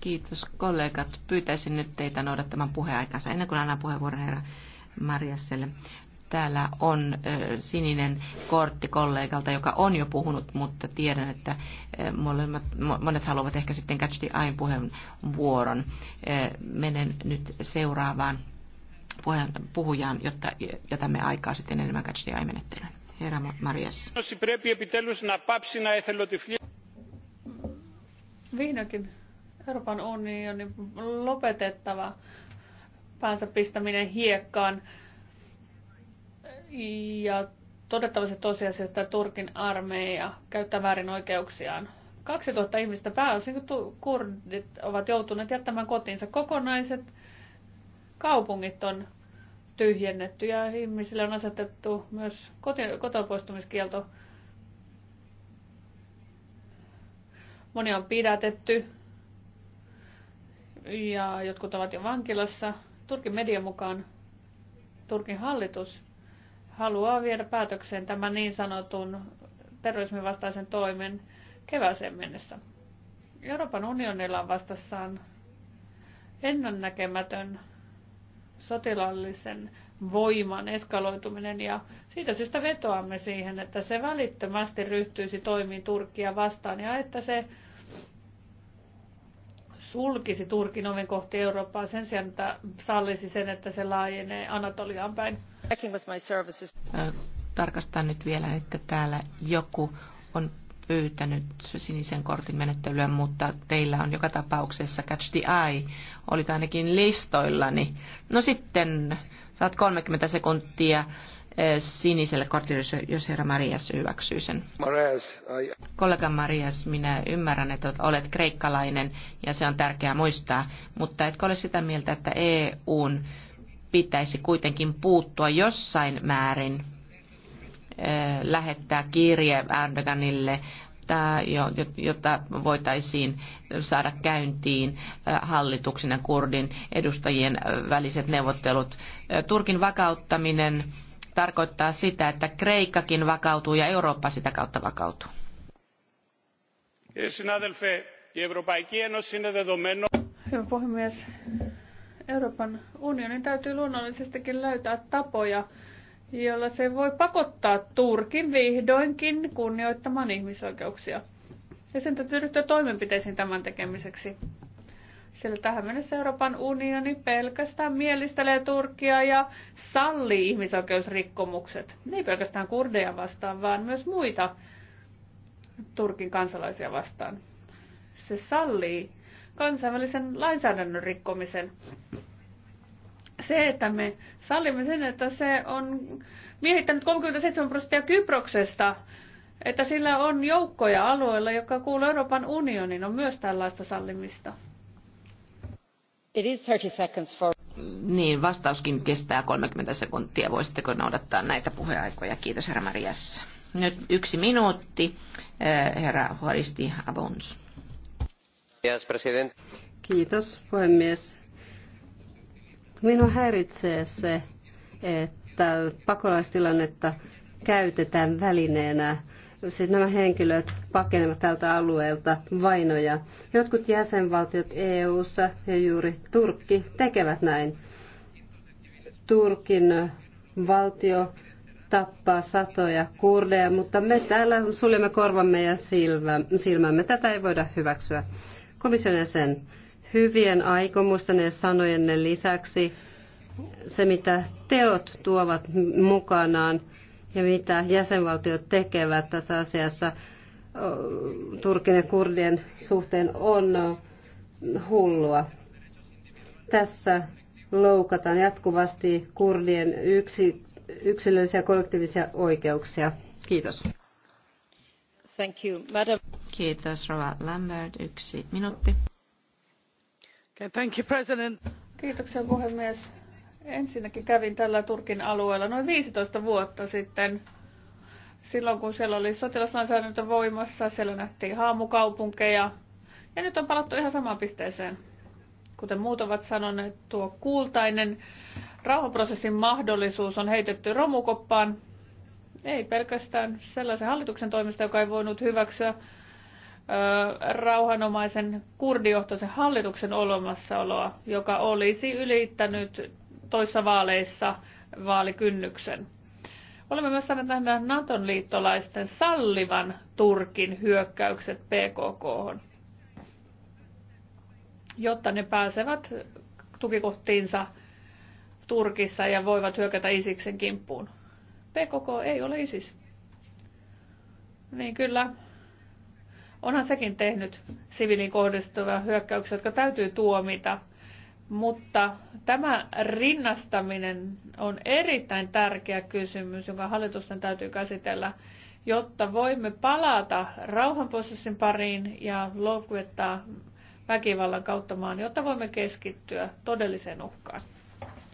Kiitos kollegat. Pyytäisin nyt teitä noudattamaan puheaikansa ennen kuin annan puheenvuoron herra Marjasselle. Täällä on sininen kortti kollegalta, joka on jo puhunut, mutta tiedän, että molemmat, monet haluavat ehkä sitten Catch the Eye puheenvuoron. Menen nyt seuraavaan puhujaan, jotta jätämme aikaa sitten enemmän Catch the Eye-menettelyyn. Herra Marias. Vihdoinkin Euroopan unionin lopetettava päänsä pistäminen hiekkaan ja todettava se tosiasia, että Turkin armeija käyttää väärin oikeuksiaan. 2000 ihmistä pääosin kurdit ovat joutuneet jättämään kotiinsa kokonaiset. Kaupungit on tyhjennetty ja ihmisille on asetettu myös kotopoistumiskielto. Moni on pidätetty ja jotkut ovat jo vankilassa. Turkin median mukaan Turkin hallitus haluaa viedä päätökseen tämän niin sanotun terrorismin vastaisen toimen kevääseen mennessä. Euroopan unionilla on vastassaan ennonnäkemätön sotilaallisen voiman eskaloituminen ja siitä syystä vetoamme siihen, että se välittömästi ryhtyisi toimiin Turkkia vastaan ja että se sulkisi Turkin oven kohti Eurooppaa sen sijaan, että sallisi sen, että se laajenee Anatoliaan päin. Tarkastan nyt vielä, että täällä joku on pyytänyt sinisen kortin menettelyä, mutta teillä on joka tapauksessa Catch the Eye. oli ainakin listoillani. No sitten saat 30 sekuntia siniselle kortille, jos herra Marias hyväksyy sen. Marias, I... Kollega Marias, minä ymmärrän, että olet kreikkalainen ja se on tärkeää muistaa, mutta etkö ole sitä mieltä, että EUn pitäisi kuitenkin puuttua jossain määrin lähettää kirje Erdoganille, jotta voitaisiin saada käyntiin hallituksen ja kurdin edustajien väliset neuvottelut. Turkin vakauttaminen tarkoittaa sitä, että Kreikkakin vakautuu ja Eurooppa sitä kautta vakautuu. Eh, Hyvä puhemies, Euroopan unionin täytyy luonnollisestikin löytää tapoja, jolla se voi pakottaa Turkin vihdoinkin kunnioittamaan ihmisoikeuksia. Ja sen täytyy ryhtyä toimenpiteisiin tämän tekemiseksi. Sillä tähän mennessä Euroopan unioni pelkästään mielistelee Turkia ja sallii ihmisoikeusrikkomukset. Ei pelkästään kurdeja vastaan, vaan myös muita Turkin kansalaisia vastaan. Se sallii kansainvälisen lainsäädännön rikkomisen. Se, että me sallimme sen, että se on miehittänyt 37 prosenttia Kyproksesta, että sillä on joukkoja alueella, joka kuuluu Euroopan unionin, on myös tällaista sallimista. It is 30 seconds for... Niin, vastauskin kestää 30 sekuntia. Voisitteko noudattaa näitä puheaikoja? Kiitos, herra Marias. Nyt yksi minuutti, eh, herra Horisti Abons. Kiitos puhemies. Minua häiritsee se, että pakolaistilannetta käytetään välineenä. Siis nämä henkilöt pakenevat tältä alueelta vainoja. Jotkut jäsenvaltiot EU-ssa ja juuri Turkki tekevät näin. Turkin valtio tappaa satoja kurdeja, mutta me täällä suljemme korvamme ja silmämme. Tätä ei voida hyväksyä. Komission jäsen, hyvien aikomusten ja sanojen lisäksi se, mitä teot tuovat mukanaan ja mitä jäsenvaltiot tekevät tässä asiassa Turkin ja kurdien suhteen on hullua. Tässä loukataan jatkuvasti kurdien yksi, yksilöllisiä ja kollektiivisia oikeuksia. Kiitos. Thank Kiitos, Rova Lambert. Yksi minuutti. Okay, thank you, president. Kiitoksia, puhemies. Ensinnäkin kävin tällä Turkin alueella noin 15 vuotta sitten. Silloin kun siellä oli sotilaslainsäädäntö voimassa, siellä nähtiin haamukaupunkeja. Ja nyt on palattu ihan samaan pisteeseen. Kuten muut ovat sanoneet, tuo kultainen rauhanprosessin mahdollisuus on heitetty romukoppaan ei pelkästään sellaisen hallituksen toimesta, joka ei voinut hyväksyä ö, rauhanomaisen kurdijohtoisen hallituksen olemassaoloa, joka olisi ylittänyt toissa vaaleissa vaalikynnyksen. Olemme myös saaneet nähdä Naton liittolaisten sallivan Turkin hyökkäykset PKK, jotta ne pääsevät tukikohtiinsa Turkissa ja voivat hyökätä Isiksen kimppuun. PKK ei ole ISIS. Niin kyllä, onhan sekin tehnyt siviiliin kohdistuvia hyökkäyksiä, jotka täytyy tuomita. Mutta tämä rinnastaminen on erittäin tärkeä kysymys, jonka hallitusten täytyy käsitellä, jotta voimme palata rauhanprosessin pariin ja lopettaa väkivallan kautta maan, jotta voimme keskittyä todelliseen uhkaan.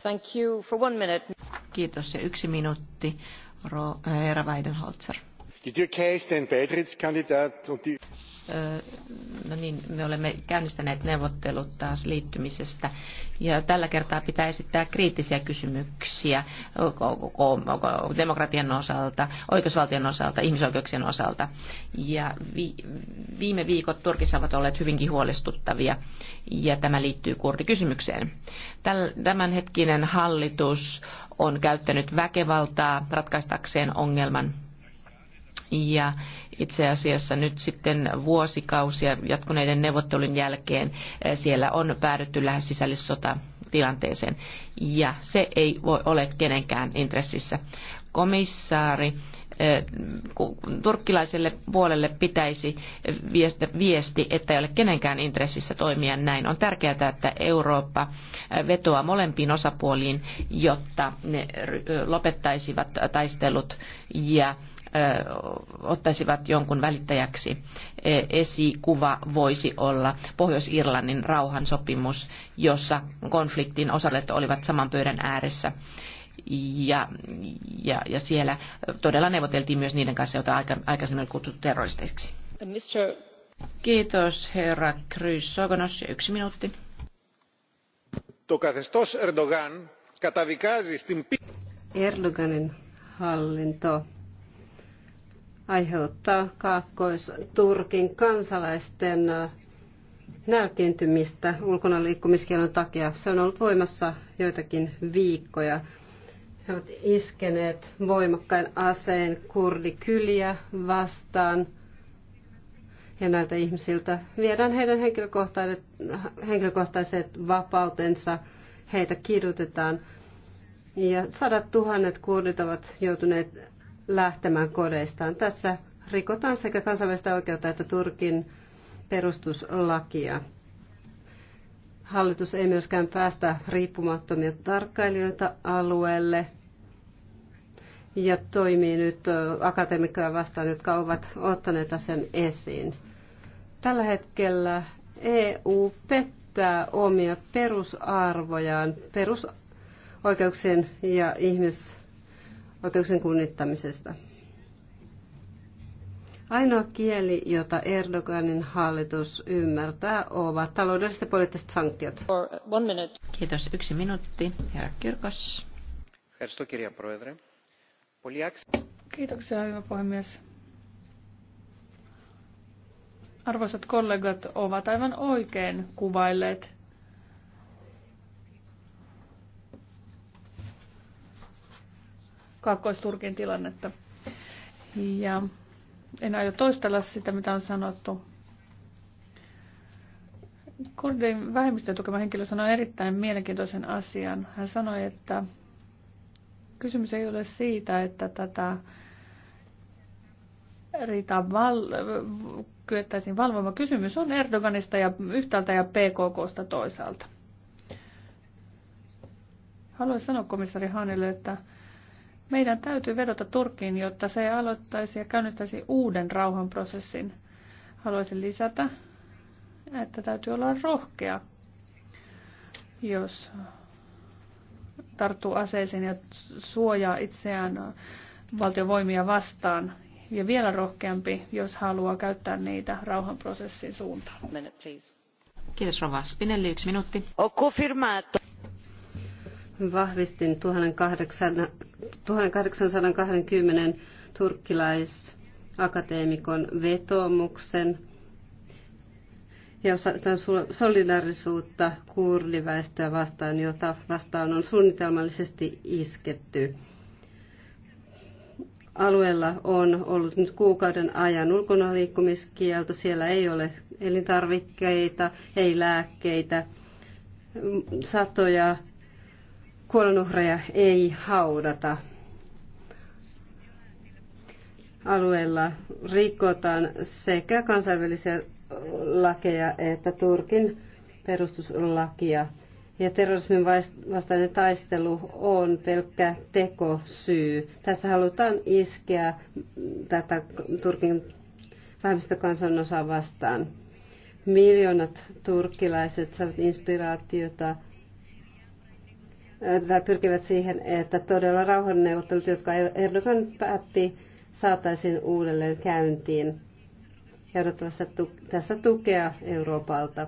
Thank you for one minute. Kiitos ja yksi minuutti, Herra Weidenholzer. Die Türkei ist Beitrittskandidat und die No niin, me olemme käynnistäneet neuvottelut taas liittymisestä ja tällä kertaa pitää esittää kriittisiä kysymyksiä demokratian osalta, oikeusvaltion osalta, ihmisoikeuksien osalta. Ja viime viikot Turkissa ovat olleet hyvinkin huolestuttavia ja tämä liittyy kurdikysymykseen. Tämänhetkinen hallitus on käyttänyt väkevaltaa ratkaistakseen ongelman ja itse asiassa nyt sitten vuosikausia jatkuneiden neuvottelun jälkeen eh, siellä on päädytty lähes sisällissota tilanteeseen Ja se ei voi ole kenenkään intressissä. Komissaari eh, turkkilaiselle puolelle pitäisi viesti, että ei ole kenenkään intressissä toimia näin. On tärkeää, että Eurooppa eh, vetoaa molempiin osapuoliin, jotta ne lopettaisivat taistelut ja ottaisivat jonkun välittäjäksi. E, esikuva voisi olla Pohjois-Irlannin rauhansopimus, jossa konfliktin osalliset olivat saman pöydän ääressä. Ja, ja, ja siellä todella neuvoteltiin myös niiden kanssa, joita aika, aikaisemmin oli kutsuttu terroristeiksi. Mr. Kiitos herra Sogonos. Yksi minuutti. Το Erdoganin hallinto aiheuttaa Kaakkois-Turkin kansalaisten äh, nälkiintymistä ulkona liikkumiskielon takia. Se on ollut voimassa joitakin viikkoja. He ovat iskeneet voimakkain aseen kurdikyliä vastaan. Ja näiltä ihmisiltä viedään heidän henkilökohtaiset, henkilökohtaiset vapautensa. Heitä kidutetaan. Ja sadat tuhannet kurdit ovat joutuneet lähtemään kodeistaan. Tässä rikotaan sekä kansainvälistä oikeutta että Turkin perustuslakia. Hallitus ei myöskään päästä riippumattomia tarkkailijoita alueelle ja toimii nyt akatemikkoja vastaan, jotka ovat ottaneet sen esiin. Tällä hetkellä EU pettää omia perusarvojaan, perusoikeuksien ja ihmis oikeuksien kunnittamisesta. Ainoa kieli, jota Erdoganin hallitus ymmärtää, ovat taloudelliset ja poliittiset sanktiot. Kiitos. Yksi minuutti. Herra Kirkos. Kiitoksia, hyvä puhemies. Arvoisat kollegat ovat aivan oikein kuvailleet Kaakkois-Turkin tilannetta. Ja en aio toistella sitä, mitä on sanottu. Kurdin vähemmistön tukema henkilö sanoi erittäin mielenkiintoisen asian. Hän sanoi, että kysymys ei ole siitä, että tätä riitaa val- kyettäisiin valvomaan. Kysymys on Erdoganista ja yhtäältä ja PKKsta toisaalta. Haluaisin sanoa komissari Hanille, että meidän täytyy vedota Turkkiin, jotta se aloittaisi ja käynnistäisi uuden rauhanprosessin. Haluaisin lisätä, että täytyy olla rohkea, jos tarttuu aseisiin ja suojaa itseään valtiovoimia vastaan. Ja vielä rohkeampi, jos haluaa käyttää niitä rauhanprosessin suuntaan. Kiitos Rova Spinelli, yksi minuutti vahvistin 1820 turkkilaisakateemikon vetomuksen ja osoittaa solidarisuutta kurdiväestöä vastaan, jota vastaan on suunnitelmallisesti isketty. Alueella on ollut nyt kuukauden ajan ulkonaliikkumiskielto, siellä ei ole elintarvikkeita, ei lääkkeitä, satoja kuolonuhreja ei haudata. Alueella rikotaan sekä kansainvälisiä lakeja että Turkin perustuslakia. Ja terrorismin vastainen taistelu on pelkkä tekosyy. Tässä halutaan iskeä tätä Turkin vähemmistökansanosaa vastaan. Miljoonat turkkilaiset saavat inspiraatiota tai pyrkivät siihen, että todella rauhanneuvottelut, jotka Erdogan päätti, saataisiin uudelleen käyntiin. Ja odottavassa tässä tukea Euroopalta.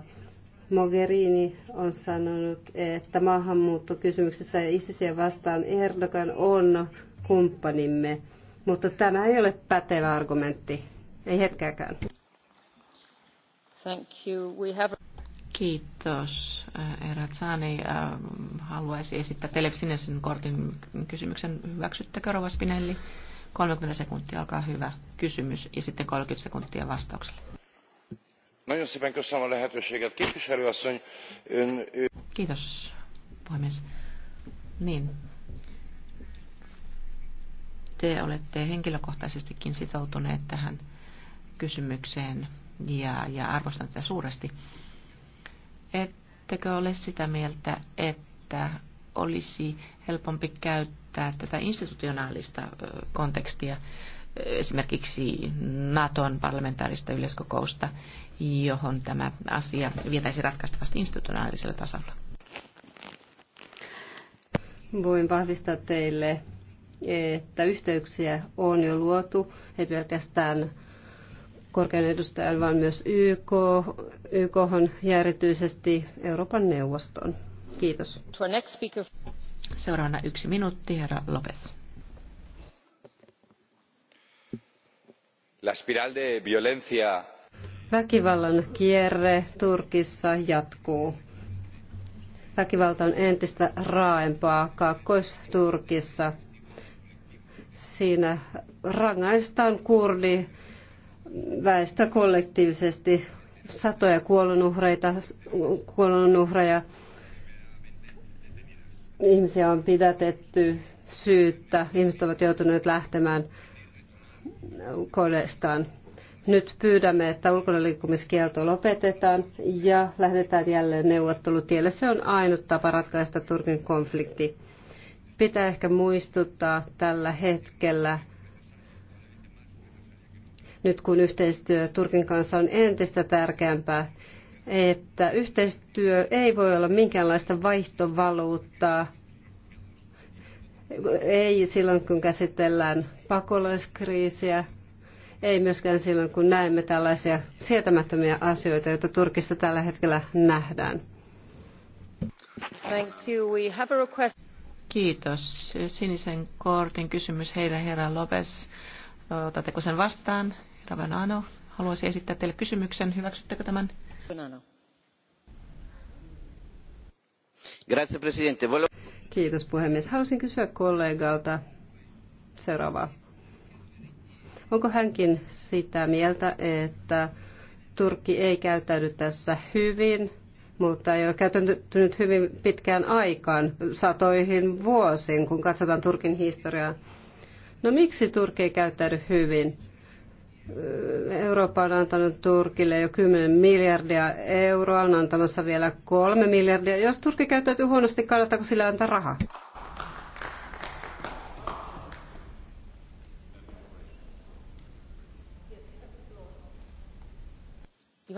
Mogherini on sanonut, että maahanmuuttokysymyksessä ja ISISiä vastaan Erdogan on kumppanimme, mutta tämä ei ole pätevä argumentti, ei hetkeäkään. Thank you. We have... Kiitos, eh, Ratsani. Eh, Haluaisin esittää teille sinisen kortin kysymyksen. Hyväksyttekö, Rova Spinelli? 30 sekuntia, olkaa hyvä kysymys, ja sitten 30 sekuntia vastaukselle. Nagyon szépen köszönöm a lehetőséget, képviselőasszony. Ön, Kiitos, puhemies. Niin. Te olette henkilökohtaisestikin sitoutuneet tähän kysymykseen ja, ja arvostan tätä suuresti Ettekö ole sitä mieltä, että olisi helpompi käyttää tätä institutionaalista kontekstia, esimerkiksi Naton parlamentaarista yleiskokousta, johon tämä asia vietäisi ratkaistavasti institutionaalisella tasolla? Voin vahvistaa teille, että yhteyksiä on jo luotu, ei pelkästään korkean edustajan, vaan myös YK, YK ja erityisesti Euroopan neuvoston. Kiitos. Seuraavana yksi minuutti, herra Lopes. La spiral de violencia. Väkivallan kierre Turkissa jatkuu. Väkivalta on entistä raaempaa Kaakkois-Turkissa. Siinä rangaistaan kurdi väestö kollektiivisesti satoja kuolonuhreita, kuolonuhreja. Ihmisiä on pidätetty syyttä. Ihmiset ovat joutuneet lähtemään kodestaan. Nyt pyydämme, että ulkonaliikkumiskielto lopetetaan ja lähdetään jälleen neuvottelutielle. Se on ainut tapa ratkaista Turkin konflikti. Pitää ehkä muistuttaa tällä hetkellä nyt kun yhteistyö Turkin kanssa on entistä tärkeämpää, että yhteistyö ei voi olla minkäänlaista vaihtovaluuttaa, ei silloin kun käsitellään pakolaiskriisiä, ei myöskään silloin kun näemme tällaisia sietämättömiä asioita, joita Turkissa tällä hetkellä nähdään. Thank you. We have a request. Kiitos. Sinisen kortin kysymys heille herra Lopes. Otatteko sen vastaan? Ravanano haluaisi esittää teille kysymyksen. Hyväksyttekö tämän? Kiitos puhemies. Haluaisin kysyä kollegalta seuraavaa. Onko hänkin sitä mieltä, että Turkki ei käyttäydy tässä hyvin, mutta ei ole käyttäytynyt hyvin pitkään aikaan, satoihin vuosiin, kun katsotaan Turkin historiaa? No miksi Turkki ei käyttäydy hyvin? Eurooppa on antanut Turkille jo 10 miljardia euroa, on antamassa vielä 3 miljardia. Jos Turkki käyttäytyy huonosti, kannattaako sillä antaa rahaa?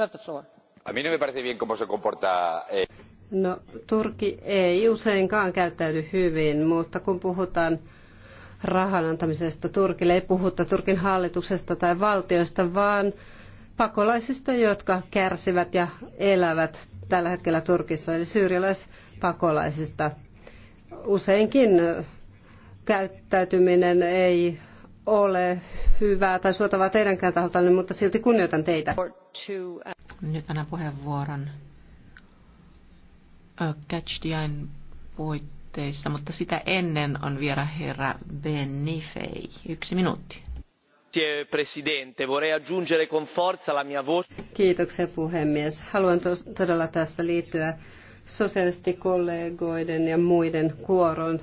No, eh. no, Turkki ei useinkaan käyttäydy hyvin, mutta kun puhutaan rahan antamisesta Turkille. Ei puhuta Turkin hallituksesta tai valtiosta, vaan pakolaisista, jotka kärsivät ja elävät tällä hetkellä Turkissa, eli syyrialaispakolaisista. Useinkin käyttäytyminen ei ole hyvää tai suotavaa teidänkään taholtanne, mutta silti kunnioitan teitä. Nyt annan puheenvuoron Catch the Eye aloitteissa, mutta sitä ennen on vielä herra Benifei. Yksi minuutti. Kiitoksia puhemies. Haluan todella tässä liittyä kollegoiden ja muiden kuoron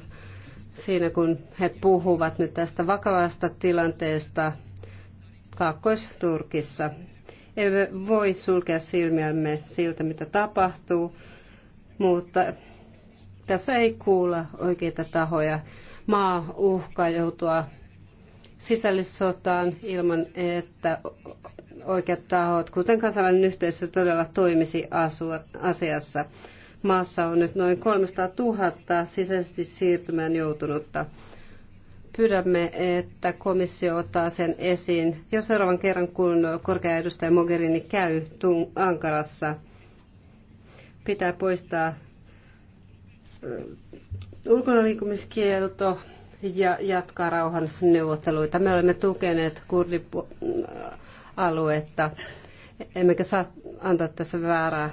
siinä, kun he puhuvat nyt tästä vakavasta tilanteesta Kaakkois-Turkissa. Emme voi sulkea silmiämme siltä, mitä tapahtuu, mutta tässä ei kuulla oikeita tahoja. Maa uhkaa joutua sisällissotaan ilman, että oikeat tahot, kuten kansainvälinen yhteisö, todella toimisi asua, asiassa. Maassa on nyt noin 300 000 sisäisesti siirtymään joutunutta. Pyydämme, että komissio ottaa sen esiin jo seuraavan kerran, kun korkea edustaja Mogherini käy Ankarassa. Pitää poistaa ulkonaliikkumiskielto ja jatkaa rauhan neuvotteluita. Me olemme tukeneet kurdialuetta, emmekä saa antaa tässä väärää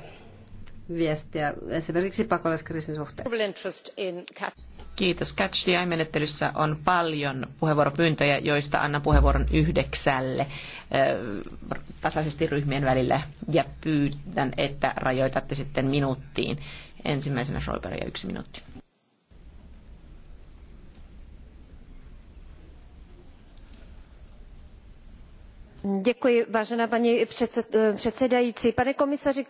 viestiä esimerkiksi pakolaiskriisin suhteen. Kiitos. Catch the menettelyssä on paljon puheenvuoropyyntöjä, joista annan puheenvuoron yhdeksälle tasaisesti ryhmien välillä ja pyydän, että rajoitatte sitten minuuttiin. Ensimmäisenä Schäuber ja yksi minuutti. paní předsedající pane komisaři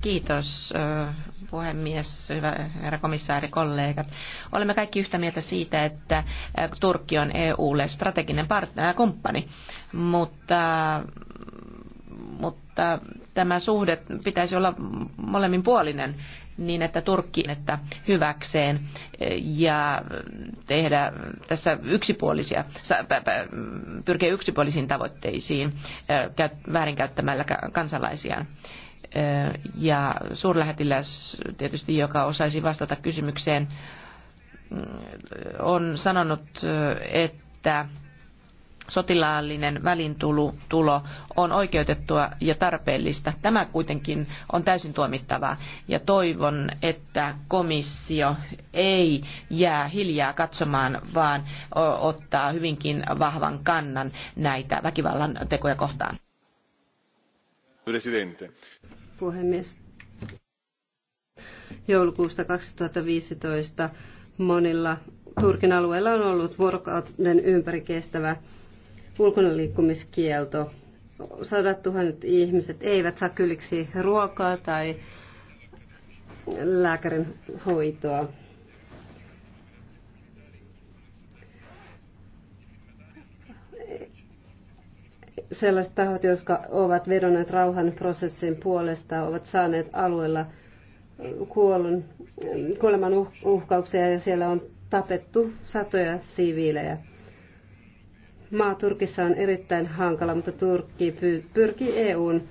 Kiitos puhemies, hyvä herra komissaari, kollegat. Olemme kaikki yhtä mieltä siitä, että Turkki on EUlle strateginen kumppani, mutta mutta tämä suhde pitäisi olla molemminpuolinen niin, että Turkki että hyväkseen ja tehdä tässä yksipuolisia, pyrkiä yksipuolisiin tavoitteisiin väärinkäyttämällä kansalaisiaan ja suurlähettiläs tietysti, joka osaisi vastata kysymykseen, mm, on sanonut, että sotilaallinen välintulo on oikeutettua ja tarpeellista. Tämä kuitenkin on täysin tuomittavaa ja toivon, että komissio ei jää hiljaa katsomaan, vaan ottaa hyvinkin vahvan kannan näitä väkivallan tekoja kohtaan. Presidente. Puhemies. Joulukuusta 2015 monilla Turkin alueilla on ollut vuorokauden ympäri kestävä ulkona liikkumiskielto. Sadat tuhannet ihmiset eivät saa kylliksi ruokaa tai lääkärin hoitoa. sellaiset tahot, jotka ovat vedonneet rauhan prosessin puolesta, ovat saaneet alueella kuollun kuoleman uh-, uhkauksia ja siellä on tapettu satoja siviilejä maa Turkissa on erittäin hankala, mutta Turkki pyrkii EUn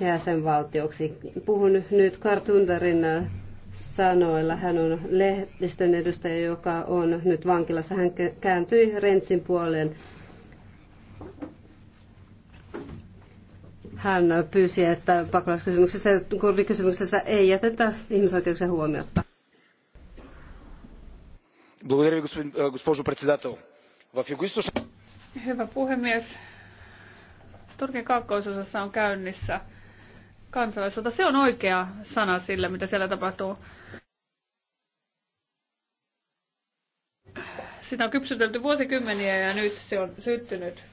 jäsenvaltioksi. Puhun nyt Kartundarin äh, sanoilla. Hän on lehdistön edustaja, joka on nyt vankilassa. Hän kääntyi Rensin puoleen. Hän pyysi, että pakolaiskysymyksessä ja kurvikysymyksessä ei jätetä ihmisoikeuksia huomiota. Благодаря ви, э, госпожо председател. В юго Hyvä puhemies. Turkin kaakkoisosassa on käynnissä kansalaisuutta. Se on oikea sana sille, mitä siellä tapahtuu. Sitä on kypsytelty vuosikymmeniä ja nyt se on syttynyt.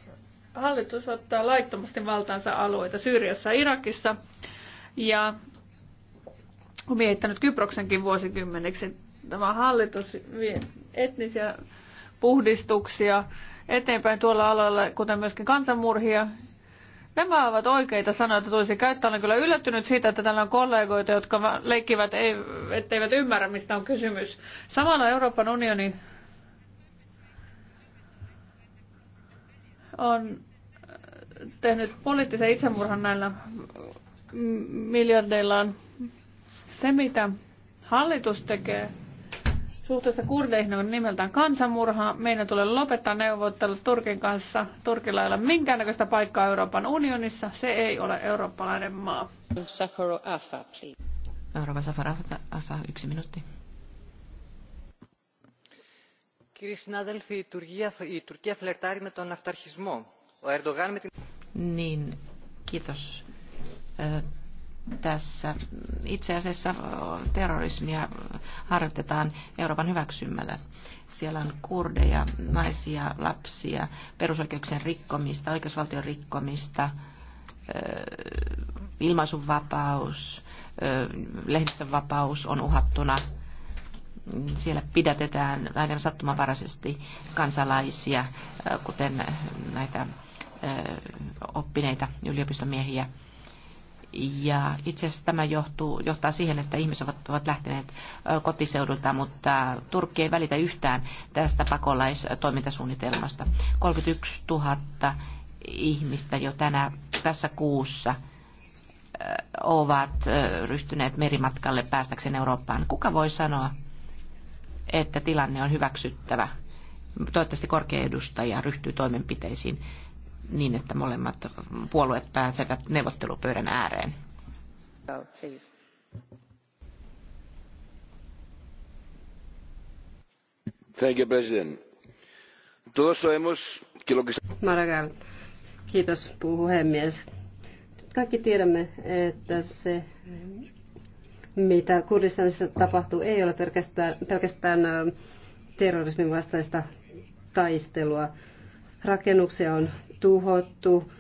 Hallitus ottaa laittomasti valtaansa alueita Syyriassa ja Irakissa ja on miehittänyt Kyproksenkin vuosikymmeneksi. Tämä hallitus vie etnisiä puhdistuksia, eteenpäin tuolla alalla, kuten myöskin kansanmurhia. Nämä ovat oikeita sanoja, että tulisi käyttää. Olen kyllä yllättynyt siitä, että täällä on kollegoita, jotka leikkivät, etteivät ymmärrä, mistä on kysymys. Samalla Euroopan unioni on tehnyt poliittisen itsemurhan näillä miljardeillaan. Se, mitä hallitus tekee, suhteessa kurdeihin on nimeltään kansanmurha. Meidän tulee lopettaa neuvottelut Turkin kanssa. Turkilla ei ole minkäännäköistä paikkaa Euroopan unionissa. Se ei ole eurooppalainen maa. Sakoro Afa, please. Euroopan Safara Afa, yksi minuutti. Κύριοι συνάδελφοι, η Τουρκία, η Τουρκία φλερτάρει με τον αυταρχισμό. Ο Ερντογάν με την... Niin, kiitos tässä itse asiassa terrorismia harjoitetaan Euroopan hyväksymällä. Siellä on kurdeja, naisia, lapsia, perusoikeuksien rikkomista, oikeusvaltion rikkomista, ilmaisunvapaus, lehdistönvapaus on uhattuna. Siellä pidätetään aina sattumanvaraisesti kansalaisia, kuten näitä oppineita yliopistomiehiä ja itse asiassa tämä johtuu, johtaa siihen, että ihmiset ovat, ovat lähteneet kotiseudulta, mutta Turkki ei välitä yhtään tästä pakolaistoimintasuunnitelmasta. 31 000 ihmistä jo tänä, tässä kuussa ovat ryhtyneet merimatkalle päästäkseen Eurooppaan. Kuka voi sanoa, että tilanne on hyväksyttävä? Toivottavasti korkea edustaja ryhtyy toimenpiteisiin niin, että molemmat puolueet pääsevät neuvottelupöydän ääreen. Oh, Thank President. Todos sabemos que lo que... Maragall. Kiitos puhemies. Kaikki tiedämme, että se, mitä Kurdistanissa tapahtuu, ei ole pelkästään, pelkästään terrorismin vastaista taistelua. Rakennuksia on tuhottu,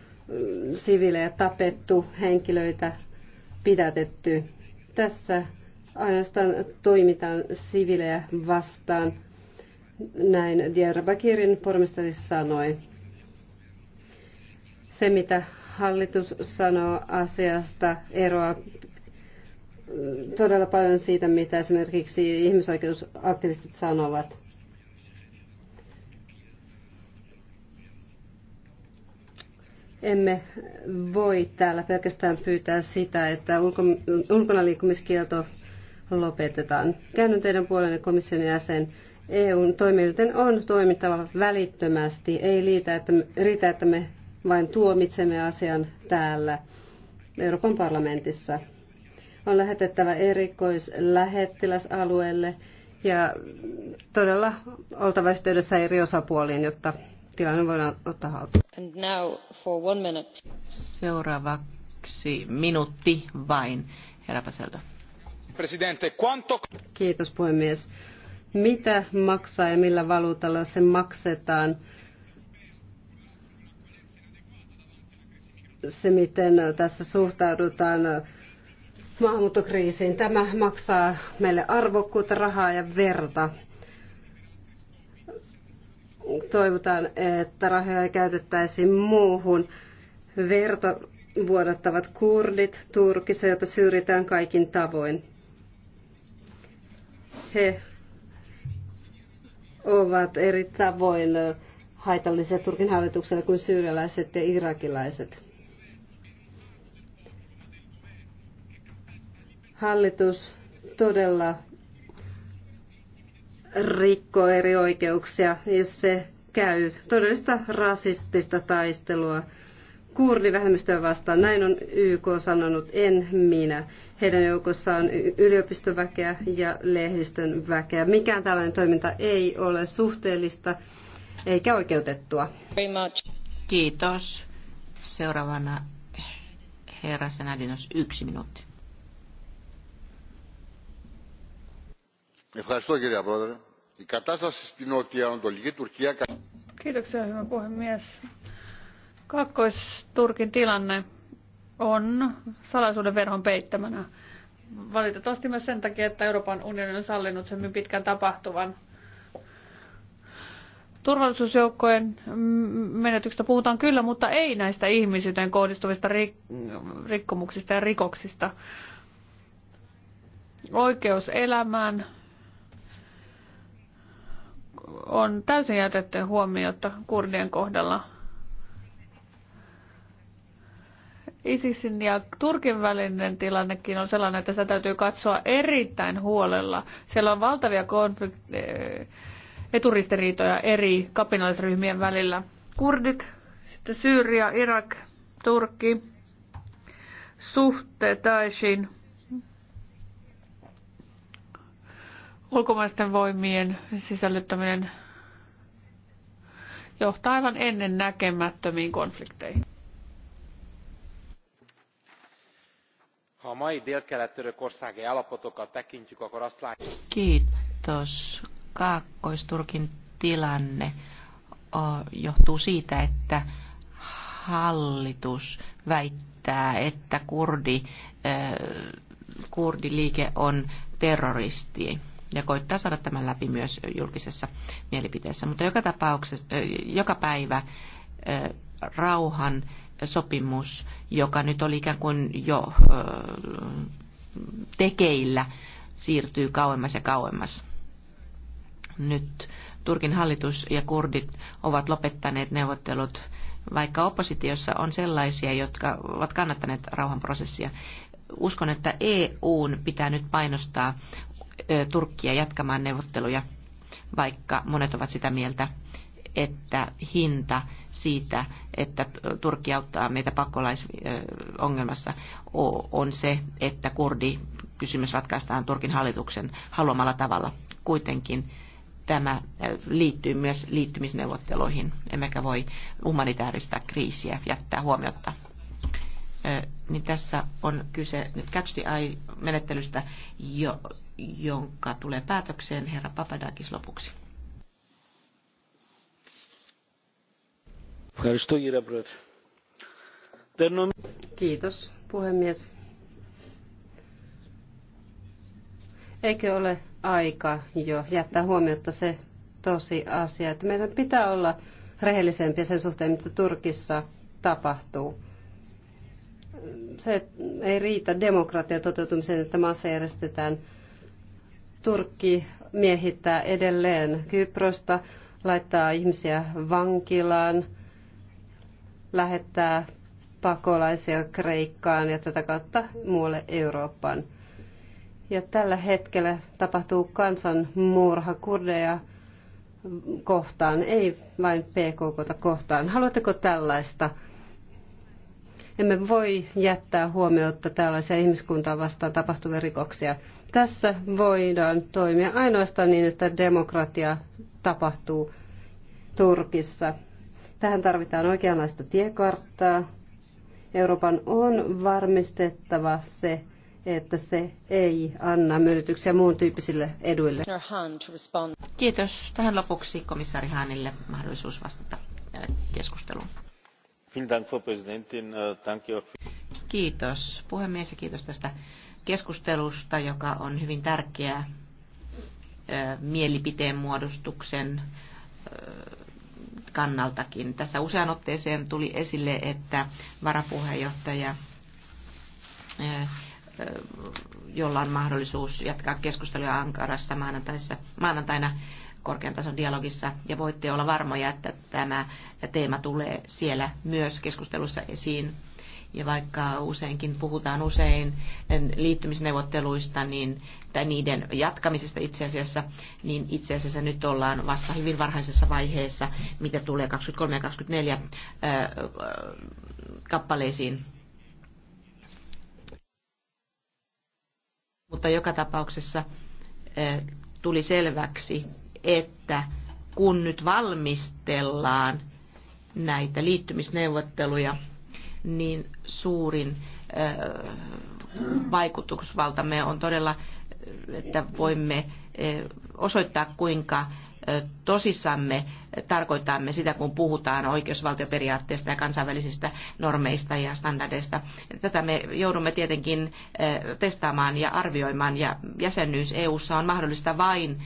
siviilejä tapettu, henkilöitä pidätetty. Tässä ainoastaan toimitaan siviilejä vastaan, näin Diyarbakirin pormestari sanoi. Se, mitä hallitus sanoo asiasta, eroa todella paljon siitä, mitä esimerkiksi ihmisoikeusaktivistit sanovat. emme voi täällä pelkästään pyytää sitä, että ulkonaliikkumiskielto lopetetaan. Käännyn teidän puolenne komission jäsen. EUn toimijoiden on toimittava välittömästi. Ei liitä, että, riitä, että me vain tuomitsemme asian täällä Euroopan parlamentissa. On lähetettävä erikoislähettiläs alueelle ja todella oltava yhteydessä eri osapuoliin, jotta tilanne voidaan ottaa haltuun. And now for one minute. Seuraavaksi minuutti vain, herra Paseldo. Presidente, quanto... Kiitos puhemies. Mitä maksaa ja millä valuutalla se maksetaan? Se, miten tässä suhtaudutaan maahanmuuttokriisiin, tämä maksaa meille arvokkuutta, rahaa ja verta toivotaan, että rahoja ei käytettäisi muuhun. Verta vuodattavat kurdit Turkissa, jota syrjitään kaikin tavoin. He ovat eri tavoin haitallisia Turkin hallitukselle kuin syyrialaiset ja irakilaiset. Hallitus todella rikkoo eri oikeuksia ja se käy todellista rasistista taistelua kurdivähemmistöä vastaan. Näin on YK sanonut, en minä. Heidän joukossaan on yliopistoväkeä ja lehdistön väkeä. Mikään tällainen toiminta ei ole suhteellista eikä oikeutettua. Kiitos. Seuraavana herra Senadinos, yksi minuutti. Kiitoksia, hyvä puhemies. Kaakkois-Turkin tilanne on salaisuuden verhon peittämänä. Valitettavasti myös sen takia, että Euroopan unioni on sallinut sen pitkän tapahtuvan. Turvallisuusjoukkojen menetyksestä puhutaan kyllä, mutta ei näistä ihmisyyteen kohdistuvista rikkomuksista ja rikoksista. Oikeus elämään, on täysin jätetty huomiota kurdien kohdalla. ISISin ja Turkin välinen tilannekin on sellainen, että sitä täytyy katsoa erittäin huolella. Siellä on valtavia konflikt- eh, eturistiriitoja eri kapinallisryhmien välillä. Kurdit, sitten Syyria, Irak, Turkki, suhteet Daeshin, ulkomaisten voimien sisällyttäminen johtaa aivan ennen näkemättömiin konflikteihin. Ha a mai állapotokat tekintjük, akkor azt látjuk... Kiitos. Kaakkoisturkin tilanne johtuu siitä, että hallitus väittää, että kurdi, kurdiliike on terroristi ja koittaa saada tämän läpi myös julkisessa mielipiteessä. Mutta joka, tapauksessa, joka päivä rauhan sopimus, joka nyt oli ikään kuin jo tekeillä, siirtyy kauemmas ja kauemmas. Nyt Turkin hallitus ja kurdit ovat lopettaneet neuvottelut, vaikka oppositiossa on sellaisia, jotka ovat kannattaneet rauhanprosessia. Uskon, että EUn pitää nyt painostaa Turkkia jatkamaan neuvotteluja, vaikka monet ovat sitä mieltä, että hinta siitä, että Turkki auttaa meitä pakolaisongelmassa, on se, että kurdi kysymys ratkaistaan Turkin hallituksen haluamalla tavalla. Kuitenkin tämä liittyy myös liittymisneuvotteluihin, emmekä voi humanitaarista kriisiä jättää huomiotta. Niin tässä on kyse nyt catch the eye-menettelystä, jo, jonka tulee päätökseen herra Papadakis lopuksi. Kiitos, puhemies. Eikö ole aika jo jättää huomiota se tosi asia, että meidän pitää olla rehellisempiä sen suhteen, mitä Turkissa tapahtuu. Se ei riitä demokratian toteutumiseen, että maassa järjestetään Turkki miehittää edelleen Kyprosta, laittaa ihmisiä vankilaan, lähettää pakolaisia Kreikkaan ja tätä kautta muualle Eurooppaan. Ja tällä hetkellä tapahtuu murha kurdeja kohtaan, ei vain PKK kohtaan. Haluatteko tällaista? Emme voi jättää huomiota tällaisia ihmiskuntaa vastaan tapahtuvia rikoksia. Tässä voidaan toimia ainoastaan niin, että demokratia tapahtuu Turkissa. Tähän tarvitaan oikeanlaista tiekarttaa. Euroopan on varmistettava se, että se ei anna myönnytyksiä muun tyyppisille eduille. Kiitos. Tähän lopuksi komissaari Haanille mahdollisuus vastata äh, keskusteluun. Äh, kiitos puhemies ja kiitos tästä keskustelusta, joka on hyvin tärkeä äh, mielipiteen muodostuksen äh, kannaltakin. Tässä usean otteeseen tuli esille, että varapuheenjohtaja, jolla on mahdollisuus jatkaa keskustelua Ankarassa maanantaina, korkean tason dialogissa ja voitte olla varmoja, että tämä teema tulee siellä myös keskustelussa esiin. Ja vaikka useinkin puhutaan usein liittymisneuvotteluista niin, tai niiden jatkamisesta itse asiassa, niin itse asiassa nyt ollaan vasta hyvin varhaisessa vaiheessa, mitä tulee 23 ja 24 ää, kappaleisiin mutta joka tapauksessa tuli selväksi, että kun nyt valmistellaan näitä liittymisneuvotteluja, niin suurin vaikutusvaltamme on todella, että voimme osoittaa, kuinka tosissamme tarkoitamme sitä, kun puhutaan oikeusvaltioperiaatteesta ja kansainvälisistä normeista ja standardeista. Tätä me joudumme tietenkin testaamaan ja arvioimaan, ja jäsenyys EU:ssa on mahdollista vain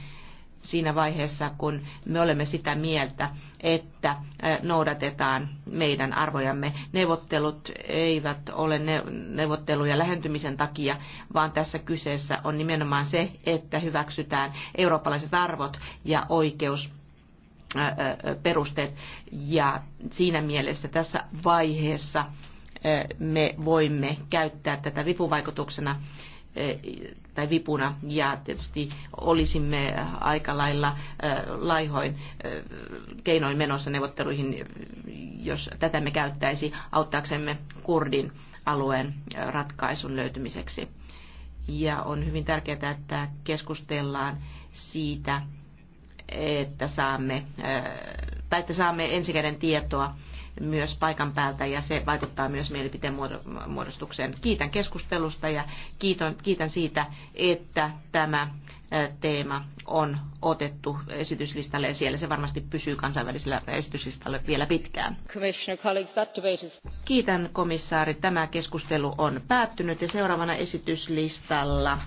siinä vaiheessa, kun me olemme sitä mieltä, että noudatetaan meidän arvojamme. Neuvottelut eivät ole neuvotteluja lähentymisen takia, vaan tässä kyseessä on nimenomaan se, että hyväksytään eurooppalaiset arvot ja oikeus perusteet. Ja siinä mielessä tässä vaiheessa me voimme käyttää tätä vipuvaikutuksena E, tai vipuna ja tietysti olisimme aika lailla e, laihoin e, keinoin menossa neuvotteluihin, jos tätä me käyttäisi auttaaksemme Kurdin alueen ratkaisun löytymiseksi. Ja on hyvin tärkeää, että keskustellaan siitä, että saamme, tai että saamme ensikäden tietoa myös paikan päältä ja se vaikuttaa myös mielipiteen muodostukseen. Kiitän keskustelusta ja kiitän, kiitän siitä, että tämä teema on otettu esityslistalle ja siellä se varmasti pysyy kansainvälisellä esityslistalla vielä pitkään. Kiitän komissaari. Tämä keskustelu on päättynyt ja seuraavana esityslistalla